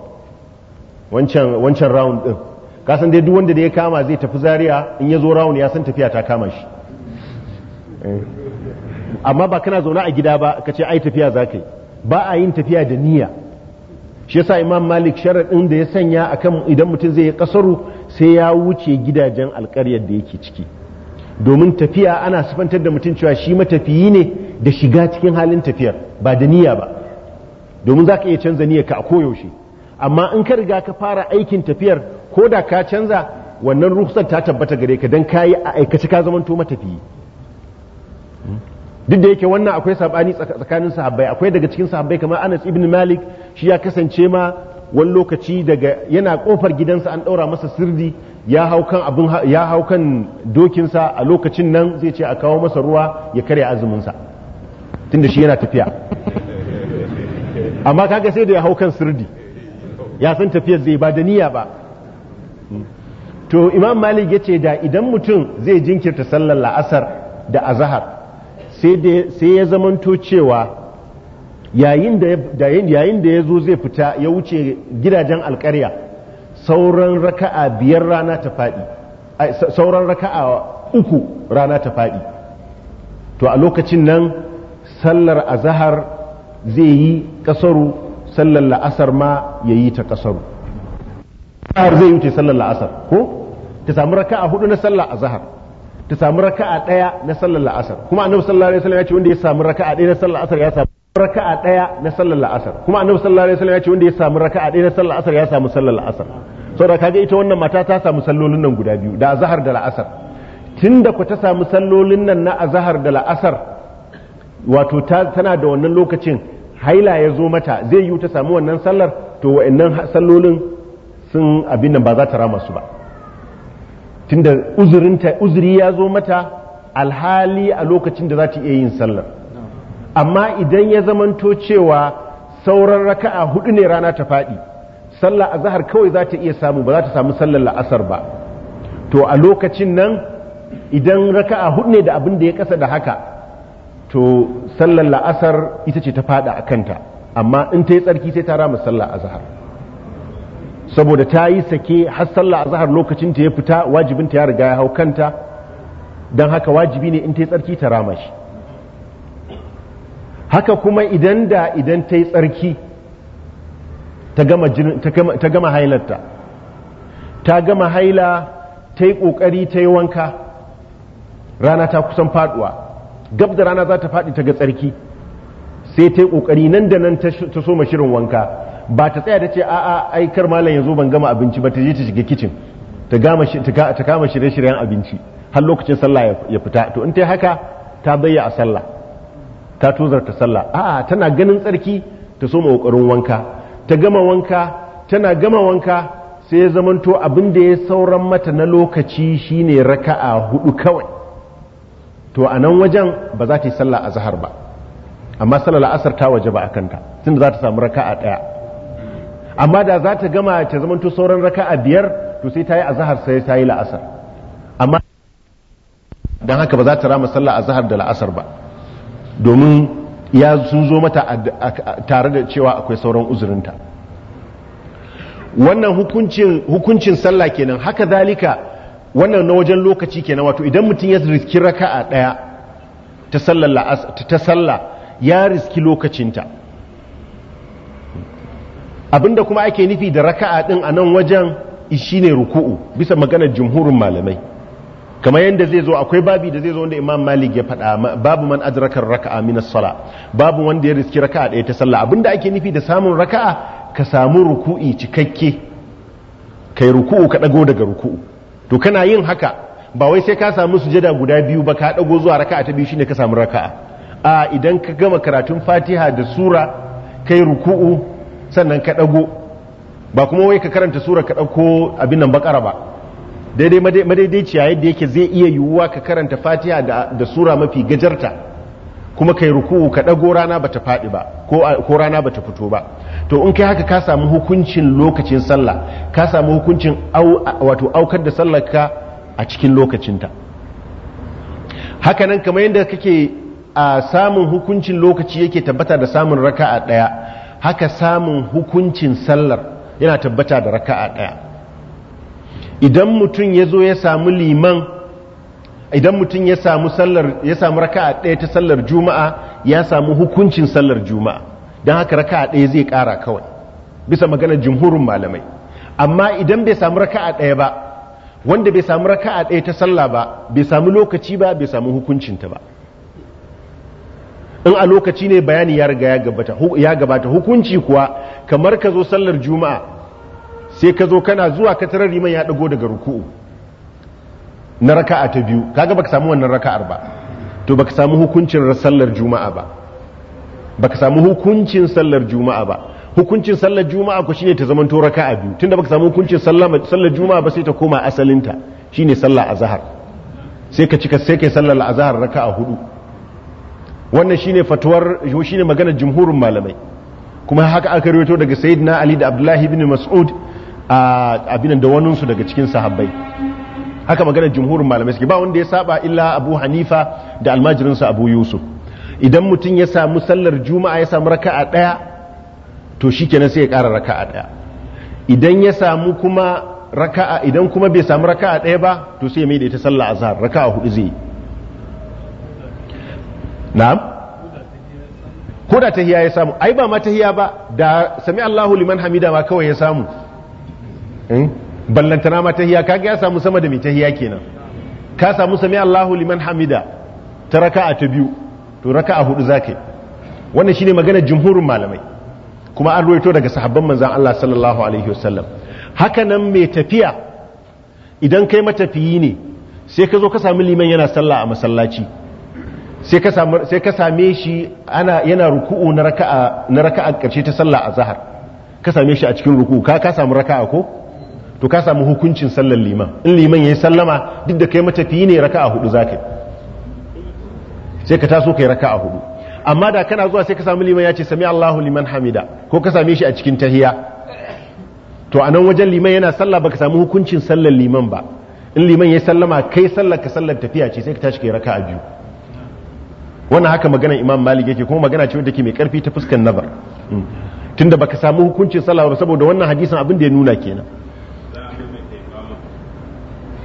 wancan round din kasan dai duk wanda da ya kama zai tafi Zariya, in ya zo round ya san tafiya ta kama shi eh. amma ba kana zaune a gida ba ka ce ai tafiya za ka yi ba a yin tafiya da niyya shi yasa imam malik sharaɗin da ya sanya a akan idan mutum zai yi kasaru sai ya wuce gidajen alƙaryar da yake ciki domin tafiya ana sifantar da mutum cewa shi matafiyi ne da shiga cikin halin tafiyar ba da niyya ba domin za ka iya canza niyyar ka a koyaushe amma in ka riga ka fara aikin tafiyar ko da ka canza wannan ruhsar ta tabbata gare ka don ka yi a aikace ka zamanto matafiyi duk da yake wannan akwai sabani tsakanin sahabbai akwai daga cikin sahabbai kamar Anas ibn Malik shi ya kasance ma wani lokaci daga yana kofar gidansa an ɗaura masa sirdi ya hau kan abin ya hau kan dokinsa a lokacin nan zai ce a kawo masa ruwa ya karya azuminsa tunda shi yana tafiya amma kaga sai da ya hau kan sirdi ya san tafiyar zai ba da niyya ba to imam malik ya ce da idan mutum zai jinkirta sallar la'asar da azahar sai ya zamanto cewa yayin da ya zo zai fita ya wuce gidajen alkarya sauran raka'a biyar rana ta faɗi sauran raka'a uku rana ta faɗi to a lokacin nan sallar azahar zai yi kasaru sallar la'asar ma ya yi ta kasaru azahar zai yi wuce sallar la'asar ko ta samu raka'a hudu na sallar azahar ta samu raka'a ɗaya na sallar la'asar kuma annabi sallallahu alaihi wasallam ya ce wanda ya samu raka'a ɗaya na sallar la'asar ya samu raka'a daya na sallar la'asar kuma annabi sallallahu alaihi wasallam ya ce wanda ya samu raka'a daya na sallar la'asar ya samu sallar la'asar saboda kaga ita wannan mata ta samu sallolin nan guda biyu da azhar da la'asar tunda ku ta samu sallolin nan na azhar da la'asar wato tana da wannan lokacin haila ya zo mata zai yi ta samu wannan sallar to wa'annan sallolin sun abin nan ba za ta rama su ba tunda uzurinta uzuri ya zo mata alhali a lokacin da za ta iya yin sallar amma idan ya zamanto cewa sauran raka'a hudu ne rana ta faɗi sallah azhar kawai za ta iya samu ba za ta samu sallar la'asar ba to a lokacin nan idan raka'a hudu ne da abin da ya kasa da haka to sallar la'asar ita ce ta faɗa a kanta amma in ta yi tsarki sai ta rama sallar azhar saboda ta yi sake har sallar azhar lokacin ta ya fita wajibinta ya riga ya hau kanta don haka wajibi ne in ta yi tsarki ta rama shi haka kuma idan da idan ta yi tsarki ta gama hailarta ta gama haila ta yi ƙoƙari ta yi wanka rana ta kusan faduwa gab da rana za ta faɗi ta ga tsarki sai ta yi ƙoƙari nan da nan ta soma shirin wanka ba ta tsaya ta ce a'a aikar malam yanzu ban gama abinci ba ta je ta shiga kicin ta kama shirye-shiryen abinci har lokacin sallah ya fita to in ta yi haka ta bayya a sallah ta ta sallah a'a tana ganin tsarki ta so kokarin wanka ta gama wanka tana gama wanka sai ya zamanto abin da ya sauran mata na lokaci shine raka'a hudu kawai to a nan wajen ba za ta yi sallah a zahar ba amma sallar la'asar ta waje ba a kanta tunda za ta samu raka'a ɗaya amma da za ta gama ta zamanto sauran raka'a biyar to sai ta yi a zahar sai ta yi la'asar amma don haka ba za ta rama sallah a zahar da la'asar ba domin ya sun zo mata tare da cewa akwai sauran uzurinta wannan hukuncin sallah kenan haka zalika wannan na wajen lokaci kenan wato idan mutum ya riski raka'a daya ta sallar ta sallah ya riski lokacinta abinda kuma ake nufi da raka'a din a nan wajen shine ruku'u bisa maganar jumhurin malamai kamar yadda zai zo akwai babi da zai zo wanda imam malik ya faɗa babu man adrakar raka'a min as-sala babu wanda ya riski raka'a ɗaya ta sallah abinda ake nufi da samun raka'a ka samu ruku'i cikakke kai ruku'u ka dago daga ruku'u to kana yin haka ba wai sai ka samu sujada guda biyu ba ka dago zuwa raka'a ta biyu shine ka samu raka'a a idan ka gama karatun fatiha da sura kai ruku'u sannan ka dago ba kuma wai ka karanta sura ka dauko abin nan bakara ba daidai madaidaiciya yadda yake zai iya yiwuwa ka karanta fatiha da sura mafi gajarta kuma kai ruku'u ka ɗago rana bata faɗi ba ko rana bata fito ba to in kai haka ka samu hukuncin lokacin sallah ka samu hukuncin wato aukar da sallar ka a cikin lokacinta hakanan kamar yadda kake a samun hukuncin lokaci yake tabbata da samun raka'a ɗaya haka samun hukuncin sallar yana tabbata da raka a ɗaya idan mutum ya zo ya samu liman idan mutum ya samu sallar ya samu raka'a ɗaya ta sallar juma'a ya samu hukuncin sallar juma'a don haka raka'a ɗaya zai ƙara kawai bisa maganar jumhurin malamai amma idan bai samu raka'a ɗaya ba wanda bai samu raka'a ɗaya ta sallah ba bai samu lokaci ba bai samu ta ba in a lokaci ne bayani ya riga ya gabata hukunci kuwa kamar ka zo sallar juma'a sai ka zo kana zuwa ka tarar riman ya dago daga ruku'u na raka'a ta biyu kaga baka samu wannan raka'ar ba to baka samu hukuncin sallar juma'a ba baka samu hukuncin sallar juma'a ba hukuncin sallar juma'a ko shine ta zamanto raka'a biyu tunda baka samu hukuncin sallar juma'a ba sai ta koma asalinta shine sallar azhar sai ka cika sai kai sallar azhar raka'a hudu wannan shine fatuwar shine maganar jumhurin malamai kuma haka aka rawaito daga sayyidina ali da abdullahi ibn mas'ud abinan da waninsu daga cikin sahabbai haka maganar jumhurin malamai suke ba wanda ya saba illa abu hanifa da almajirinsa abu yusuf idan mutum ya samu sallar juma'a ya samu raka'a daya to shi kenan sai ya ƙara raka'a daya idan ya samu kuma raka'a idan kuma bai samu raka'a daya ba to sai ya mai da ita sallar azhar raka'a hudu zai na'am ko da tahiya ya samu ai ba ma tahiya ba da sami Allahu liman hamida ma kawai ya samu Eh? ballantana ma tahiya kaga ya samu sama da mai tahiya kenan ka samu sami Allahu liman hamida ta raka'a ta biyu to raka'a hudu zakai wannan shine magana jumhurin malamai kuma an ruwaito daga sahabban manzan Allah sallallahu alaihi wasallam haka nan mai tafiya idan kai matafiyi ne sai ka zo ka sami liman yana sallah a masallaci sai ka same shi yana ruku'u na raka'a na raka'a karshe ta sallah a zahar ka same shi a cikin ruku'u ka ka samu raka'a ko to ka samu hukuncin sallar liman in liman ya yi sallama duk da kai matafi ne raka a hudu zaka sai ka taso kai raka a hudu amma da kana zuwa sai ka samu liman ya ce sami Allahu liman hamida ko ka same shi a cikin tahiya to a nan wajen liman yana sallah ka samu hukuncin sallar liman ba in liman ya yi sallama kai sallar ka sallar tafiya ce sai ka tashi kai raka a biyu wannan haka maganar imam malik yake kuma magana ce wadda ke mai karfi ta fuskar nazar hmm. tunda baka samu hukuncin sallah ba saboda wannan hadisin abin da ya nuna kenan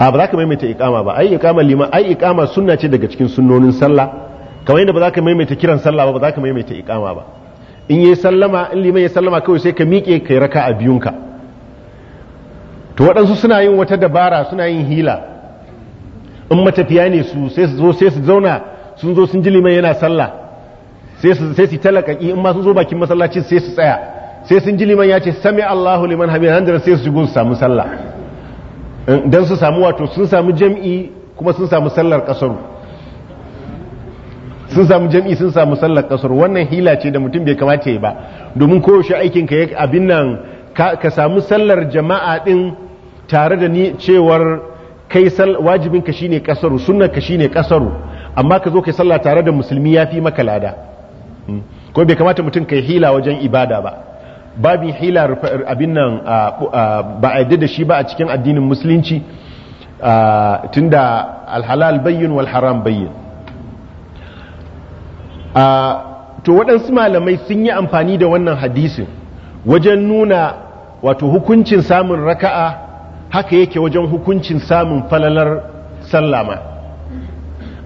a ba za ka maimaita ikama ba ai ikama lima ai ikama sunna ce daga cikin sunnonin sallah kamar yadda ba za ka maimaita kiran sallah ba ba za ka maimaita ikama ba in yi sallama in liman ya sallama kawai sai ka miƙe kai raka a biyunka to waɗansu suna yin wata dabara suna yin hila in matafiya ne su sai su zo sai su zauna sun zo sun ji liman yana sallah sai su sai su talakaki in ma sun zo bakin masallaci sai su tsaya sai sun ji liman ya ce sami Allahu liman hamida nan da sai su shigo su samu sallah don su samu wato sun samu jam'i kuma sun samu sallar kasaru sun samu jam'i sun samu sallar kasaru wannan hila ce da mutum bai kamata ya ba domin koyaushe aikinka ya abin nan ka samu sallar jama'a din tare da ni cewar kai wajibin ka shine kasaru sunnar ka shine kasaru amma ka zo kai sallah tare da musulmi yafi maka lada hmm. ko bai kamata mutum kai hila wajen ibada ba babin hila abin nan ba a yadda da shi ba a cikin addinin musulunci tunda alhalal bayyin wal haram bayyin to waɗansu malamai sun yi amfani da wannan hadisin wajen nuna wato hukuncin samun raka'a haka yake wajen hukuncin samun falalar sallama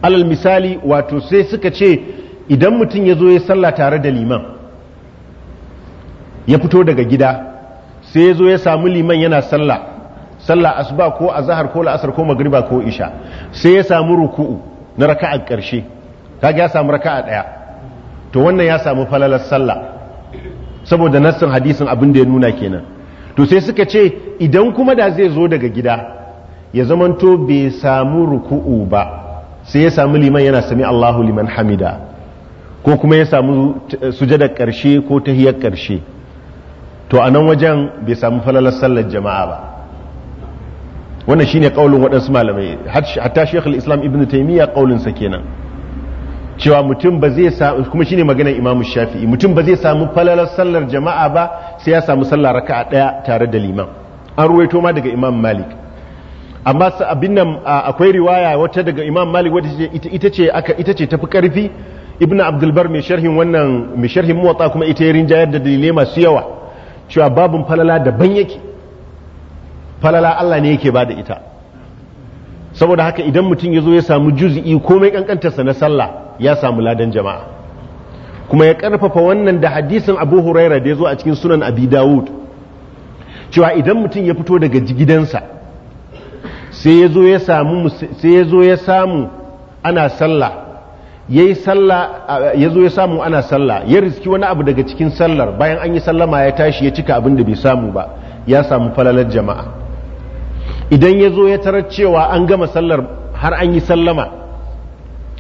alal misali wato sai suka ce idan mutum ya zo ya salla tare da liman ya fito daga gida sai ya zo ya samu liman yana sallah sallah asuba ko azhar ko la'asar ko magriba ko isha sai ya samu ruku'u na raka'a karshe kaga ya samu raka'a daya to wannan ya samu falalar sallah saboda nassin hadisin abin da ya nuna kenan to sai suka ce idan kuma da zai zo daga gida ya zamanto bai samu ruku'u ba sai ya samu liman yana sami Allahu liman hamida ko kuma ya samu eh, sujada karshe ko tahiyar karshe to a nan wajen bai samu falalar sallar jama'a ba wannan shine kaulin waɗansu malamai hatta shekul islam ibn taimiyya kaulinsa kenan cewa mutum ba zai samu kuma shine maganar imamu shafi'i mutum ba zai samu falalar sallar jama'a ba sai ya samu sallar raka'a ɗaya tare da liman an ruwaito ma daga imam malik amma abin nan akwai riwaya wata daga imam malik ce ita ce aka ita ce tafi karfi ibnu abdulbar mai sharhin wannan mai sharhin muwatta kuma ita ya rinjayar da dalilai masu yawa cewa babin falala daban yake falala Allah ne yake ba da ita saboda haka idan mutum ya zo ya samu juzi'i komai kankantarsa na sallah ya samu ladan jama'a kuma ya karfafa wannan da hadisin abu huraira da ya zo a cikin sunan abi dawud cewa idan mutum ya fito daga gidansa sai ya zo ya samu ana sallah yayi sallah yazo ya samu ana sallah ya riski wani abu daga cikin sallar bayan an yi sallama ya tashi ya cika abin da bai samu ba ya samu falalar jama'a idan ya zo ya tarar cewa an gama sallar har an yi sallama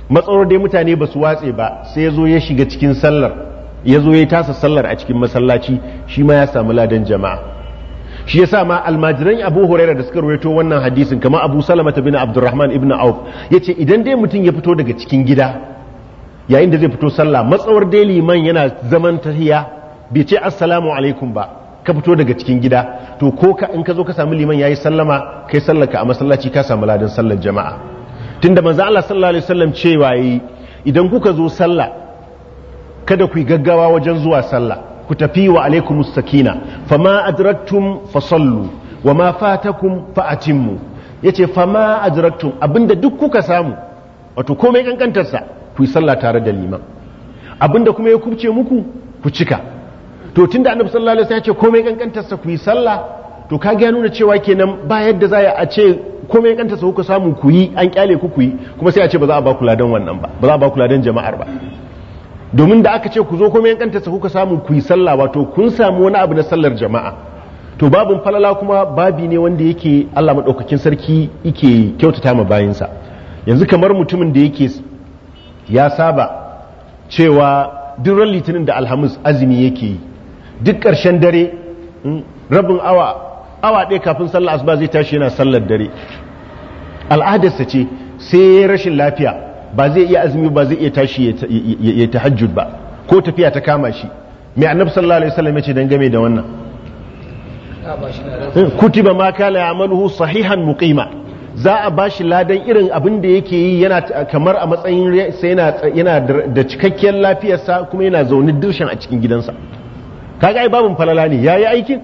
matsawar dai mutane ba su watse ba sai ya zo ya shiga cikin sallar ya zo ya tasa sallar a cikin masallaci shi ma ya samu ladan jama'a shi yasa ma almajiran abu huraira da suka rawaito wannan hadisin kamar abu salamata bin abdurrahman ibn auf ce idan dai mutum ya fito daga cikin gida yayin da zai fito sallah matsawar dai liman yana zaman tahiya bai ce assalamu alaikum ba ka fito daga cikin gida to ko ka in ka zo ka samu liman yayi sallama kai ka a masallaci ka samu ladan sallar jama'a tunda manzo Allah sallallahu alaihi wasallam cewa yi idan kuka zo sallah kada ku gaggawa wajen zuwa sallah ku tafi wa alaikumus sakina fama adraktum fasallu wama fatakum fa'atimmu yace fama adraktum abinda duk kuka samu wato komai kankantarsa ku yi sallah tare da liman abinda kuma ya kubce muku ku cika to tunda annabi sallallahu alaihi wasallam ya ce komai kankantarsa ku yi sallah to ka ga nuna cewa kenan ba yadda za a ce komai kankantarsa kuka samu ku yi an kyale ku ku yi kuma sai a ce ba za a ba ku ladan wannan ba ba za a ba ku ladan jama'ar ba domin da aka ce ku zo komai kankantarsa kuka samu ku yi sallah wato kun samu wani abu na sallar jama'a to babin falala kuma babi ne wanda yake Allah madaukakin sarki yake kyautata ma bayinsa yanzu kamar mutumin da yake ya saba cewa duk ran litinin da alhamis azumi yake yi duk ƙarshen dare hmm, rabin awa awa ɗaya kafin sallar asuba zai tashi yana sallar dare al'adarsa ce sai rashin lafiya ba zai iya azumi ba zai iya tashi ya hajjud ba ko tafiya ta kama shi mai annabi sallallahu alaihi wasallam yace game da wannan eh, kutiba ma kana manuhu sahihan muqima za a ba shi ladan irin abin da yake yi yana kamar a matsayin sai yana da cikakkiyar lafiyarsa kuma yana zaune dushen a cikin gidansa kaga ai babin falala ne yayi aikin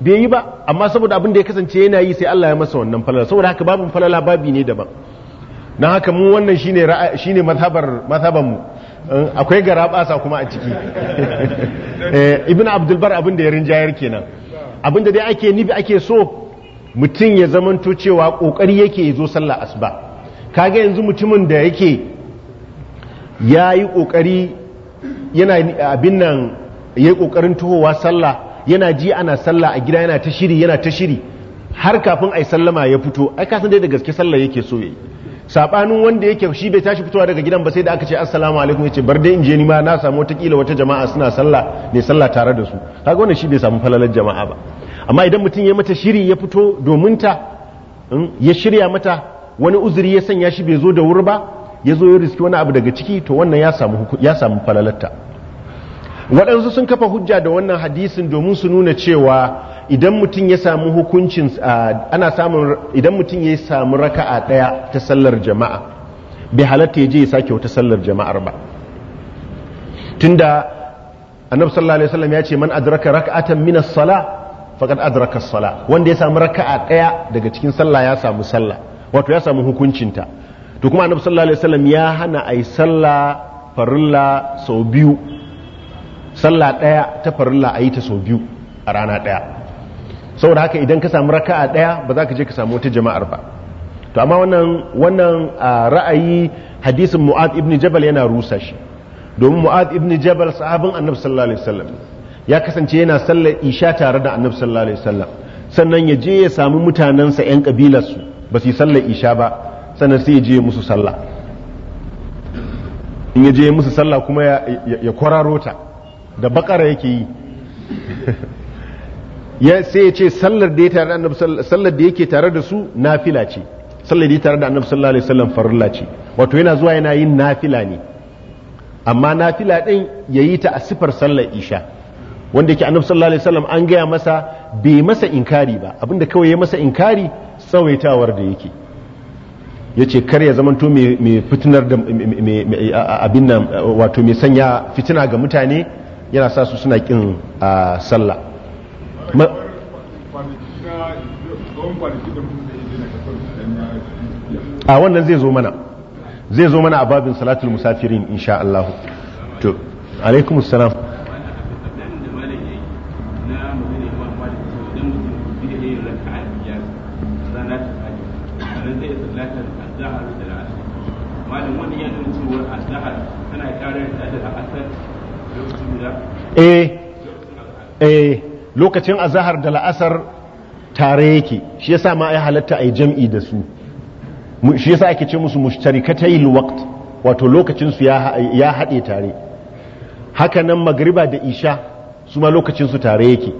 bai yi ba amma saboda abin da ya kasance yana yi sai Allah ya masa wannan falala saboda haka babin falala babi ne daban na haka mu wannan shine shine mazhabar mazhaban mu eh, akwai garabasa kuma a ciki <laughs> eh, ibnu abdul bar abin da ya rinjayar kenan abin da dai ake nibi ake so mutum ya zamanto cewa kokari yake ya zo sallah asuba kaga yanzu mutumin da yake ya yi kokari yana abin nan ya yi kokarin tuhowa sallah yana ji ana sallah a gida yana ta shiri yana ta shiri har kafin ai sallama ya fito ai kasan dai da gaske sallah yake so yayi sabanin wanda yake shi bai tashi fitowa daga gidan ba sai da aka ce assalamu alaikum yace bar dai in je ni ma na samu wata kila wata jama'a suna sallah ne sallah tare da su kaga wannan shi bai samu falalar jama'a ba amma idan mutum ya mata shiri ya fito domin ta mm, ya shirya mata wani uzuri ya sanya shi bai zo da wuri ba ya zo ya riski wani abu daga ciki to wannan ya samu ya waɗansu sun kafa hujja da wannan hadisin domin su nuna cewa idan mutum ya samu hukuncin ana samun idan mutum ya samu raka'a ɗaya ta sallar jama'a bai halatta ya je ya sake wata sallar jama'ar ba tunda annabi sallallahu alaihi wasallam ya ce man adraka raka'atan min as Sala. Fakar adrakar sala wanda ya samu raka'a ɗaya daga cikin sallah ya samu sallah wato ya samu hukuncinta to kuma annabi sallallahu alaihi wasallam ya hana yi sallah farilla sau biyu sallah ɗaya ta farilla ayi ta sau biyu a rana ɗaya saboda haka idan ka samu raka'a ɗaya, ba za ka je ka samu wata jama'ar ba to amma wannan wannan ra'ayi hadisin mu'ad ibn jabal yana rusa shi domin mu'ad ibn jabal sahabin annabi sallallahu alaihi wasallam ya kasance yana sallar isha tare da annabi sallallahu alaihi wasallam sannan ya je ya sa mutanensa 'yan su ba su yi sallar isha ba sannan sai ya je musu sallah in ya je musu sallah kuma ya kwararo ta da bakara yake yi <laughs> sai ya ce sallar da yake tare da annabi sallar da yake tare da su nafila ce sallar da yake tare da annabi sallallahu alaihi wasallam farilla ce wato yana zuwa yana yin nafila ne amma nafila din yayi ta a sifar sallar isha wanda yake annabi sallallahu alaihi wasallam an gaya masa bai masa inkari ba abinda kawai ya masa inkari tsawaitawar da yake yace kar ya to mai fitinar da abin nan wato mai sanya fitina ga mutane yana sa su suna kin sallah a wannan zai zo mana zai zo mana a babin salatul musafirin insha Allah to alaikumus salam eh eh lokacin azahar da la'asar tare yake shi yasa ma yi halatta ai jam'i da su shi yasa ake ce musu yi waqt wato lokacin ya haɗe tare haka nan magriba da isha su ma lokacin su tare yake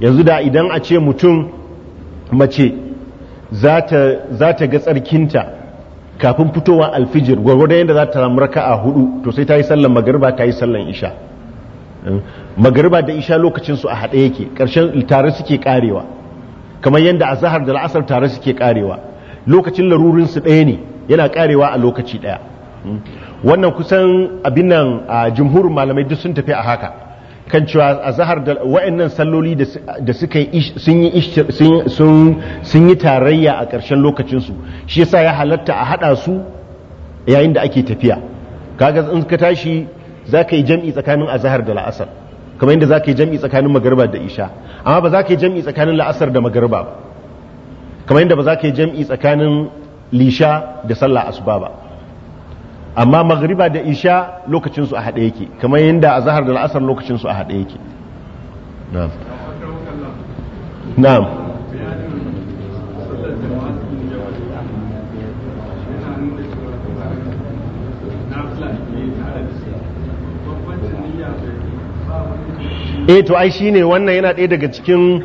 yanzu da idan a ce mutum mace za ta ga tsarkinta kafin fitowa alfijir gwargwadon yadda za ta samu raka'a hudu to sai ta yi sallan Magariba ta yi sallan isha magariba da isha lokacin su a haɗe yake ƙarshen tare suke karewa kamar yadda a zahar da la'asar tare suke karewa lokacin larurin su ɗaya ne yana karewa a lokaci ɗaya wannan kusan abin nan a jumhurin malamai duk sun tafi a haka kan cewa a zahar da wa'annan salloli da suka yi sun yi tarayya a ƙarshen lokacinsu shi yasa ya halatta a haɗa su yayin da ake tafiya kaga in ka tashi za ka yi jam'i tsakanin azahar da la'asar kamar yadda za ka yi jam'i tsakanin magarba da isha amma ba za ka yi jam'i tsakanin la'asar da magarba ba kamar yadda ba za ka yi jam'i tsakanin lisha da sallah asuba ba amma magariba da isha lokacinsu a haɗe yake kamar yadda azahar da la'asar lokacinsu a haɗe yake na'am na'am eh to ai shine wannan yana ɗaya daga cikin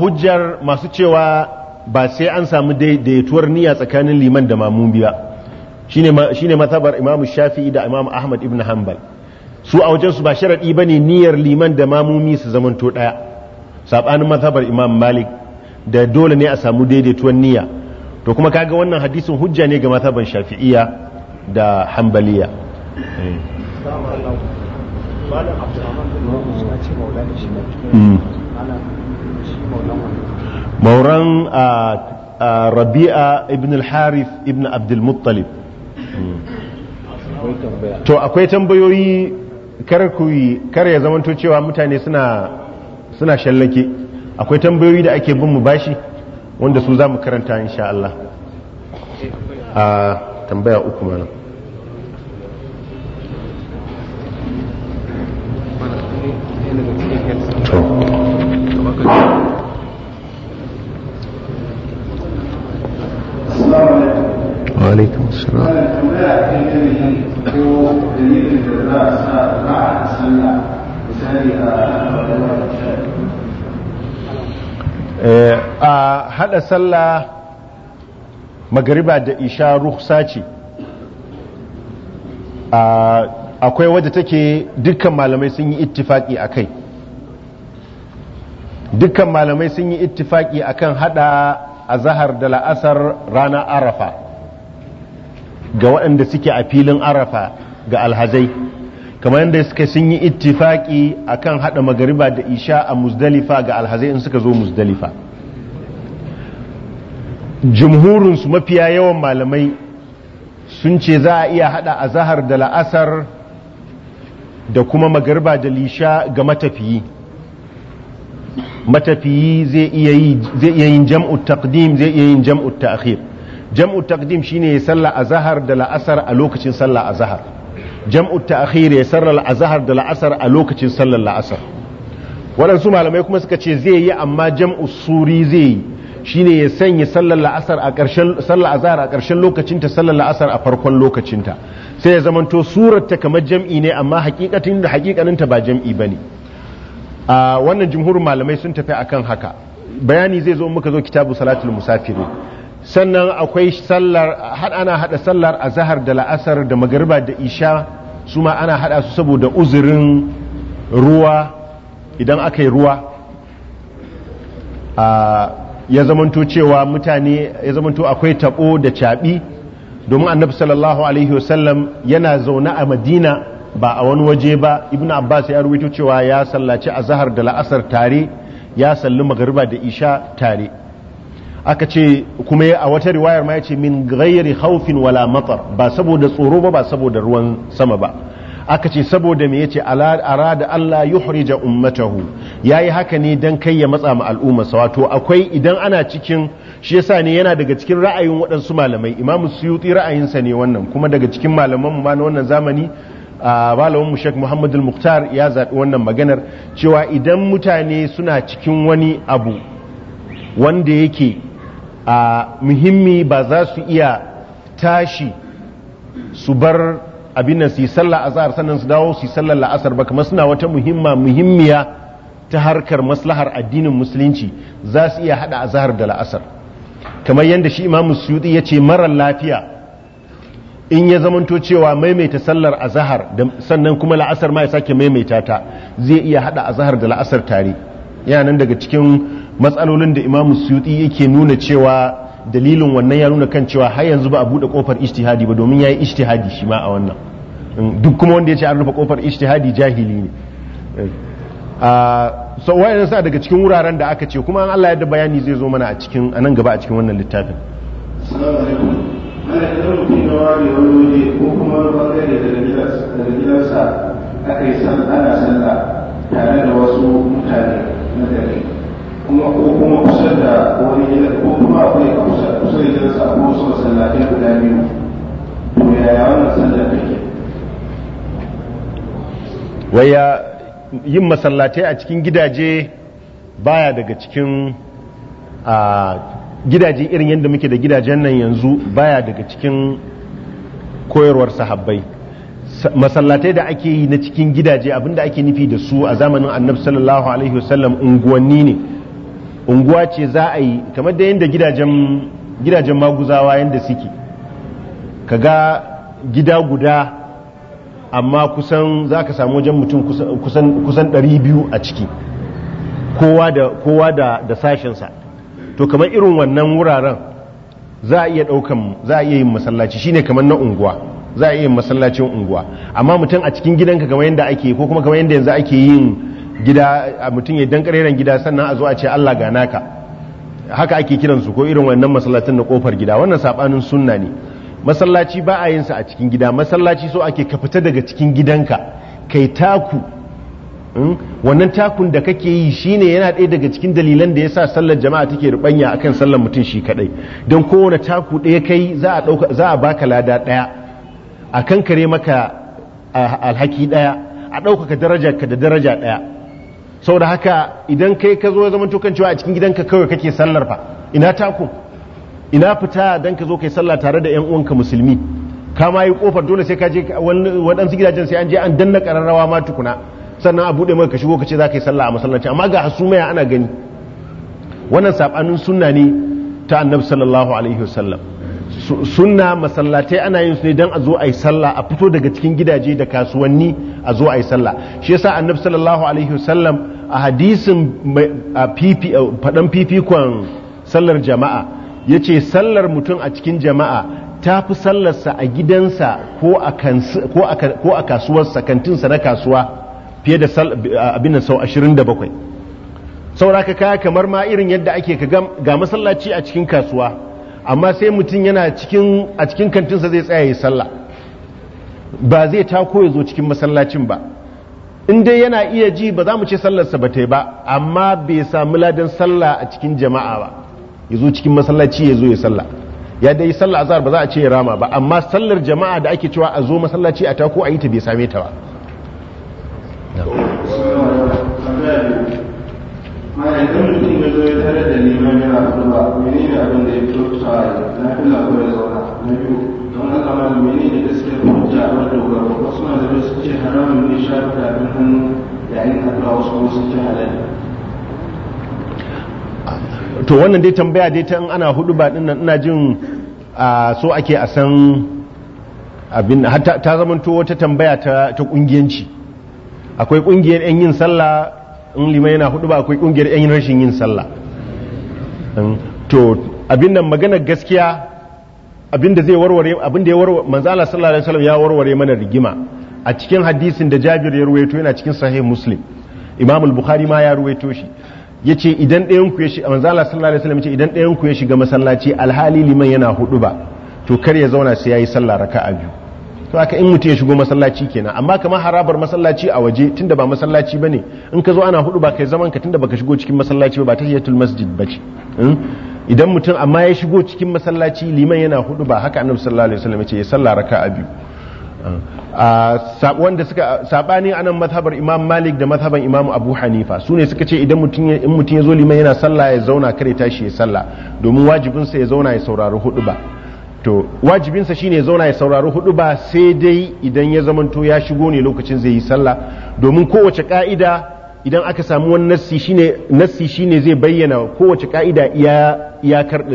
hujjar masu cewa ba sai an samu daidaituwar niyya tsakanin liman da mamun biya shine matabar imamu shafi'i da imam ahmad ibn hanbal su a wajen su ba sharaɗi ba ne niyyar liman da mamumi su zamanto ɗaya saɓanin matabar imam malik da dole ne a samu daidaituwar niyya to kuma kaga wannan hadisin hujja ne ga matabar shafi'iya da hanbaliya eh. Hmm. mauran rabi'a ibn al-harith ibn abdulmuttalib hmm. to akwai tambayoyi kar ya zamanto cewa mutane suna shallake akwai tambayoyi da ake bin mu bashi wanda su za mu karanta insha Allah eh, a tambaya uku mana a hada eh, sallah magariba da isha ruhsa ce akwai wadda take dukkan malamai sun yi ittifaki a kai dukkan malamai sun yi ittifaki akan hada azahar da la'asar rana arafa ga waɗanda suke a filin arafa ga alhazai kamar yadda suka sun yi ittifaki kan haɗa magariba da isha a muzdalifa ga alhazai in suka zo muzdalifa jumhurinsu mafiya yawan malamai sun ce za a iya haɗa a zahar da la'asar da kuma magariba da lisha ga matafiyi matafiyi zai iya yin jam'ut taqdim zai iya yin jam'ut ta'khir jam'u taqdim shine ya salla azhar da la'asar a lokacin salla azhar jam'u ta'khir ya salla azhar da la'asar a lokacin sallar la'asar waɗansu malamai kuma suka ce zai yi amma jam'u suri zai yi shine ya sanya sallar la'asar a ƙarshen sallar azhar a ƙarshen lokacinta sallar la'asar a farkon lokacinta sai ya zamanto surar ta kamar jam'i ne amma hakikatin da hakikanin ta ba jam'i bane a wannan jumhurin malamai sun tafi akan haka bayani zai zo muka zo kitabu salatul musafirin sannan akwai sallar har ana hada sallar azhar da la'asar da magariba da isha su ma ana hada su saboda uzurin ruwa idan aka yi ruwa ya zamanto cewa mutane ya zamanto akwai tabo da caɓi domin annabi sallallahu alaihi wasallam yana zaune a madina ba a wani waje ba ibn abbas ya rubuta cewa ya sallaci azhar da la'asar tare ya salli magariba da isha tare aka ce kuma a wata riwayar ma ya ce min gairi haufin wala matar ba saboda tsoro ba ba saboda ruwan sama ba aka ce saboda me yace da Allah yuhrija ummatahu yayi haka ne dan kai ya matsa al'umma sa wato akwai idan ana cikin shi yasa ne yana daga cikin ra'ayin waɗansu malamai imamu suyuti ra'ayinsa ne wannan kuma daga cikin malaman ma na wannan zamani malamin mu Sheikh Muhammad al ya zaɓi wannan maganar cewa idan mutane suna cikin wani abu wanda yake a muhimmi ba za su iya tashi su bar abin nan su yi sallah azhar sannan su dawo su yi sallar la'asar ba kamar suna wata muhimma muhimmiya ta harkar maslahar addinin musulunci za su iya hada azhar da la'asar kamar yadda shi imam suyuti ya ce marar lafiya in ya zamanto cewa maimaita sallar azhar sannan kuma la'asar ma ya sake maimaita ta zai iya hada azhar da la'asar tare yana nan daga cikin matsalolin da imam suyuti yake nuna cewa dalilin wannan ya nuna kan cewa har yanzu ba a bude kofar ijtihadi ba domin yayi ijtihadi shi ma a wannan duk kuma wanda ya ce an rufe kofar ijtihadi jahili ne eh, so wayannan sa daga cikin wuraren da aka ce kuma an Allah ya da bayani zai zo mana a cikin anan gaba a cikin wannan littafin assalamu alaikum ana da mutum da wani ko kuma bangare da rigilarsa aka yi san ana sallah tare da wasu mutane na gari kuma ko kuma kusa da wani gida ko kuma akwai kusa da gidansa ko wasu masallatai guda biyu to yaya wannan sallar ke waya yin masallatai a cikin gidaje baya daga cikin a gidaje irin yadda muke da gidajen nan yanzu baya daga cikin koyarwar sahabbai masallatai da ake yi na cikin gidaje abinda ake nufi da su a zamanin annabi sallallahu alaihi wasallam unguwanni ne unguwa ce za a yi kamar da yadda gidajen maguzawa yadda suke ka ga gida guda amma kusan za ka samu wajen mutum kusan 200 a ciki kowa da sashensa to kamar irin wannan wuraren za a iya daukan za a iya yin masallaci shine kamar na unguwa za a iya yin masallacin unguwa amma mutum a cikin gidanka kamar yadda ake ko kuma kamar yadda yanzu ake yin gida a mutum ya dan gida sannan a zo a ce Allah ga naka haka ake kiransu ko irin wannan masallacin na kofar gida wannan sabanin sunna ne masallaci ba a yin sa a cikin gida masallaci so ake ka fita daga cikin gidanka kai taku hmm? wannan takun da kake yi shine yana ɗaya daga cikin dalilan da yasa sallar jama'a take rubanya akan sallar mutum shi kadai don kowane taku ɗaya kai za a dauka za a baka lada ɗaya akan kare maka alhaki ɗaya a ɗaukaka ka da daraja ɗaya sau da haka idan kai ka zo ya zama tukan cewa a cikin gidanka kawai kake sallar fa ina taku ina fita dan ka zo kai sallah tare da yan uwanka musulmi ka yi kofar dole sai ka je waɗansu gidajen sai an je an danna ƙararrawa ma tukuna sannan a buɗe maka shigo ka ce za ka yi sallah a masallaci amma ga hasumaya ana gani wannan sabanin sunna ne ta annabi sallallahu alaihi wasallam sunna masallatai ana yin su ne don a zo a yi sallah a fito daga cikin gidaje da kasuwanni a zo a yi sallah shi yasa annabi sallallahu alaihi wasallam a hadisin faɗan fifikon sallar jama'a ya ce sallar mutum a cikin jama'a ta fi sallarsa a gidansa ko a kasuwarsa kantinsa na kasuwa fiye da abin sau 27 sauraka kaya kamar ma irin yadda ake ga masallaci a cikin kasuwa amma sai mutum yana a cikin kantinsa zai tsaya ya sallah ba zai tako ya zo cikin masallacin ba in dai yana iya ji ba za mu ce sallarsa ba ta ba amma bai samu ladan sallah a cikin jama'a ba ya zo cikin masallaci ya zo ya sallah ya dai sallah azhar ba za a ce ya rama ba amma sallar jama'a da ake cewa a zo masallaci a tako a yi ta bai same ta ba na biyu don mota a wani dogaro wasu malamai su ce haramun ne sha da abin hannu yayin haɗuwa wasu kuma su ce halal to wannan dai tambaya dai ta in ana hudu ba dinnan ina jin a so ake a san abin ta zamanto wata tambaya ta kungiyanci akwai kungiyar yan yin sallah in lima yana hudu ba akwai kungiyar yan rashin yin sallah hmm. to abin nan magana gaskiya abinda zai warware abinda ya warware manzo Allah sallallahu alaihi wasallam ya warware mana rigima a cikin hadisin da Jabir ya ruwaito yana cikin sahih Muslim Imam al-Bukhari ma ya ruwaito shi yace idan ɗayan ku ya shi manzo Allah sallallahu alaihi wasallam yace idan ɗayan ku ya shiga masallaci alhali liman yana hudu ba to kar ya zauna sai yayi sallah raka'a biyu to haka in mutum ya shigo masallaci kenan amma kamar harabar masallaci a waje tunda ba masallaci bane in ka zo ana hudu ba kai zaman ka tunda baka shigo cikin masallaci ba ta ta masjid bace hmm? idan mutum amma ya shigo cikin masallaci liman yana hudu ba haka annabi sallallahu alaihi wasallam yace ya salla raka'a biyu a wanda suka sabani anan mazhabar imam malik da mazhaban imam abu hanifa sune ne suka ce idan mutum in mutum ya zo liman yana sallah ya zauna kare tashi ya salla domin wajibin sa ya zauna ya saurari hudu ba to wajibin sa shine ya zauna ya saurari hudu ba sai dai idan ya zamanto ya shigo ne lokacin zai yi sallah domin kowace ka'ida idan aka samu wani nassi shine nassi zai bayyana kowace ka'ida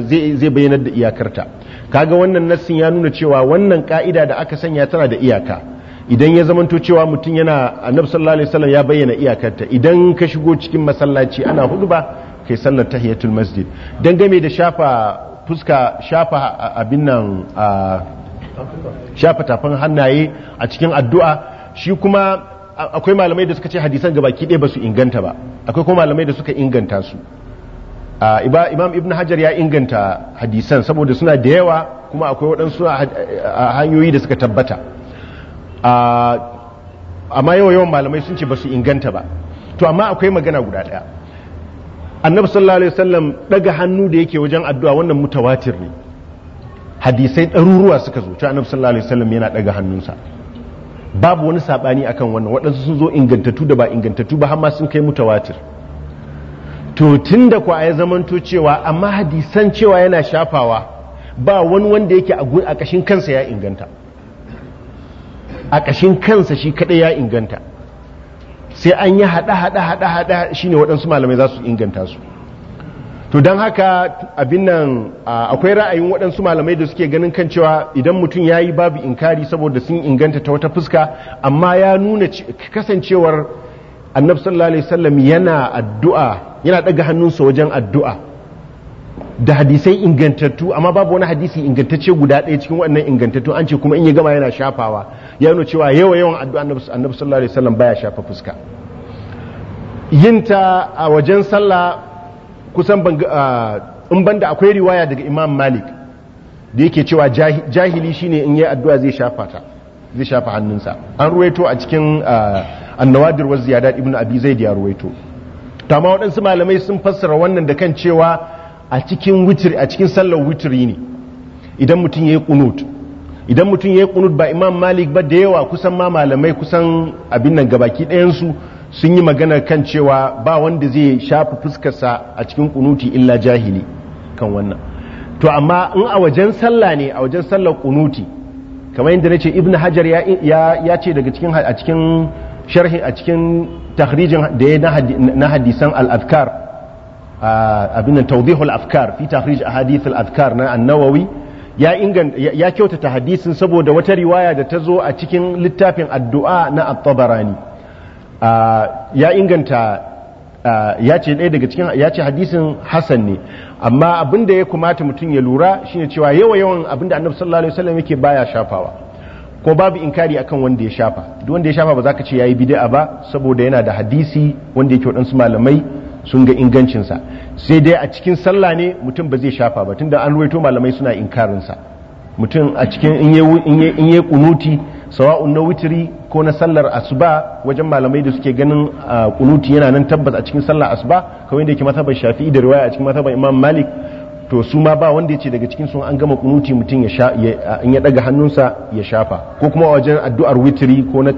zai zai bayyanar da iyakarta kaga wannan nassin ya nuna cewa wannan ka'ida da aka sanya tana da iyaka idan ya zamanto cewa mutum yana annabi sallallahu alaihi wasallam ya bayyana iyakarta idan ka shigo cikin masallaci ana hudu ba kai sallar tahiyatul masjid dan game da shafa fuska shafa abin nan shafa tafin hannaye a cikin addu'a shi kuma akwai malamai da suka ce hadisan gabaki ɗaya ba su inganta ba akwai kuma malamai da suka inganta su imam ibn hajar ya inganta hadisan saboda suna da yawa kuma akwai waɗansu hanyoyi da suka tabbata amma yawa yawan malamai sun ce ba su inganta ba to amma akwai magana guda ɗaya annabi sallallahu alaihi wasallam daga hannu da yake wajen addu'a wannan mutawatir ne hadisai ɗaruruwa suka zo to annabi sallallahu alaihi wasallam yana daga hannunsa babu wani sabani akan wannan waɗansu sun zo ingantattu da ba ingantattu ba har ma sun kai mutawatir to tunda kwa ya zamanto cewa amma hadisan cewa yana shafawa ba wani wanda yake a ƙashin kansa ya inganta a ƙashin kansa shi kaɗai ya inganta sai an yi haɗa haɗa haɗa haɗa shine waɗansu malamai za su inganta su to don haka abin nan akwai ra'ayin waɗansu malamai da suke ganin kan cewa idan mutum ya yi babu inkari saboda sun inganta ta wata fuska amma ya nuna kasancewar annabi sallallahu alaihi wasallam yana addu'a yana ɗaga hannunsa wajen addu'a da hadisai ingantattu amma babu wani hadisi ingantacce guda ɗaya cikin waɗannan ingantattu an ce kuma in ya gama yana shafawa ya nuna cewa yawa yawan addu'a annabi sallallahu alaihi wasallam baya shafa fuska yinta a wajen sallah kusan in banda akwai riwaya daga imam malik da yake cewa jahili shine in yi addu'a zai shafa ta zai shafa hannunsa an ruwaito a cikin annawadir wa ziyadat ibn abi zai ya ruwaito ma waɗansu malamai sun fassara wannan da kan cewa a cikin wutir a cikin sallar wutir ne idan mutum yi kunut idan mutum ya yi kunut ba imam malik ba da yawa kusan ma malamai kusan abin nan gabaki ɗayansu. sun yi magana kan cewa ba wanda zai shafi fuskarsa a cikin kunuti illa jahili kan wannan to amma in a wajen sallah ne a wajen sallar kunuti kamar yadda na ce ibn hajar ya ce daga cikin a cikin sharhi a cikin tahrijin da ya na hadisan al-afkar abinan taubihul afkar fi tahrij ahadith al-afkar na an-nawawi ya kyautata hadisin saboda wata riwaya da ta zo a cikin littafin addu'a na at-tabarani ya inganta ya ce ɗaya daga cikin ya ce hadisin Hassan ne amma abin da ya kumata mutum ya lura shine cewa yawa yawan abin da annabi sallallahu alaihi wasallam yake baya shafawa ko babu inkari akan wanda ya shafa duk wanda ya shafa ba za ka ce yayi bid'a ba saboda yana da hadisi wanda yake waɗansu malamai sun ga ingancinsa sai dai a cikin sallah ne mutum ba zai shafa ba tunda an ruwaito malamai suna inkarinsa mutum a cikin in yi kunuti sawa'un na witiri ko na sallar asuba wajen malamai da suke ganin kunuti yana nan tabbas a cikin sallar asuba kawai da yake matabar shafi'i da riwaya a cikin matabar imam malik to su ma ba wanda ya ce daga cikin sun an gama kunuti mutum in ya daga hannunsa ya shafa ko kuma wajen addu'ar witiri ko na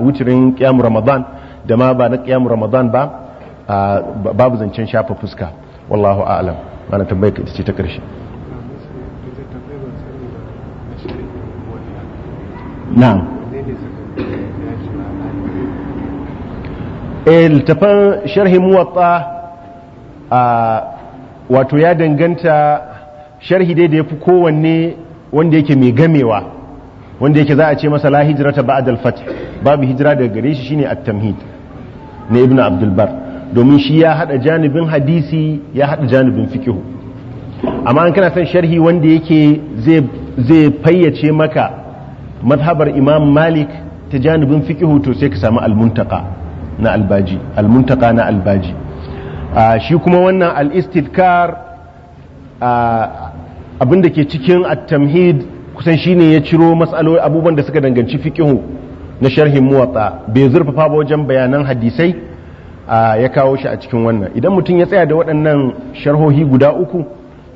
witirin qiyam ramadan da ma ba na qiyam ramadan ba babu zancen shafa fuska wallahu a'lam ana tambayar ita ce ta karshe na'am eh, littafan sharhi muwatsa, a wato ya danganta sharhi dai da ya fi kowanne wanda yake mai gamewa wanda yake za a ce masa la hijira ta ba'ad al-fath babu hijira daga gare shi shine at-tamhid na ibnu Abdulbar, domin shi ya hada janibin hadisi ya hada janibin fiqh amma an kana son sharhi wanda yake zai fayyace maka madhabar imam malik ta janibin fiƙihu to sai ka samu almuntaka na albaji almuntaka na albaji shi kuma wannan al abinda ke cikin at-tamhid kusan shine ya ciro matsalo abubuwan da suka danganci fiƙihu na sharhin muwatsa bai zurfafa ba wajen bayanan hadisai ya kawo shi a cikin wannan idan mutum ya tsaya da waɗannan sharhohi guda uku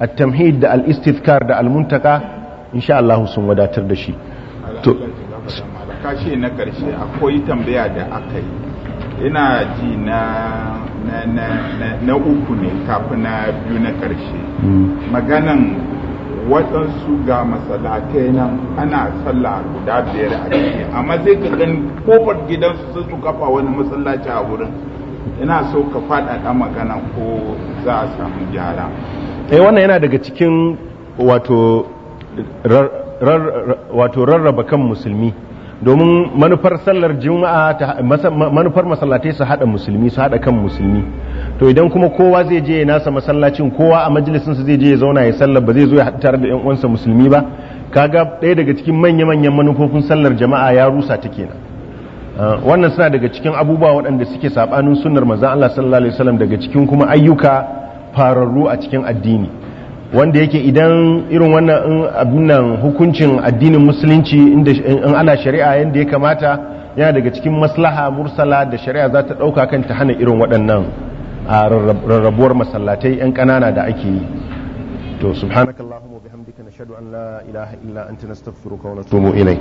at-tamhid da al-istidkar da al-muntaka insha Allah sun wadatar da shi to ka na karshe akwai tambaya da aka yi ina ji na na uku ne kafin na biyu na karshe hmm. maganan waɗansu ga masalatai nan ana sallah guda biyar a ciki amma zai ka gani kofar gidansu sun su kafa wani masallaci a wurin ina so ka faɗaɗa magana ko za a samu gyara eh wannan yana daga cikin wato wato rarraba kan musulmi domin manufar sallar juma'a manufar masallatai su hada musulmi su hada kan musulmi to idan kuma kowa zai je ya nasa masallacin kowa a majalisinsa zai je ya zauna ya sallar ba zai zo ya tare da yan uwansa musulmi ba kaga ɗaya daga cikin manya-manyan manufofin sallar jama'a ya rusa ta kenan uh, wannan suna daga cikin abubuwa waɗanda suke sabanin sunnar manzon Allah sallallahu alaihi wasallam daga cikin kuma ayyuka fararru a cikin addini wanda yake idan irin wannan abin nan hukuncin addinin musulunci in ana shari'a yadda ya kamata yana daga cikin maslaha mursala da shari'a za ta ɗauka kan ta hana irin waɗannan a rarrabuwar masallatai 'yan ƙanana da ake yi to subhanakallahumma bihamdika nashhadu an la ilaha illa anta nastaghfiruka wa natubu ilaik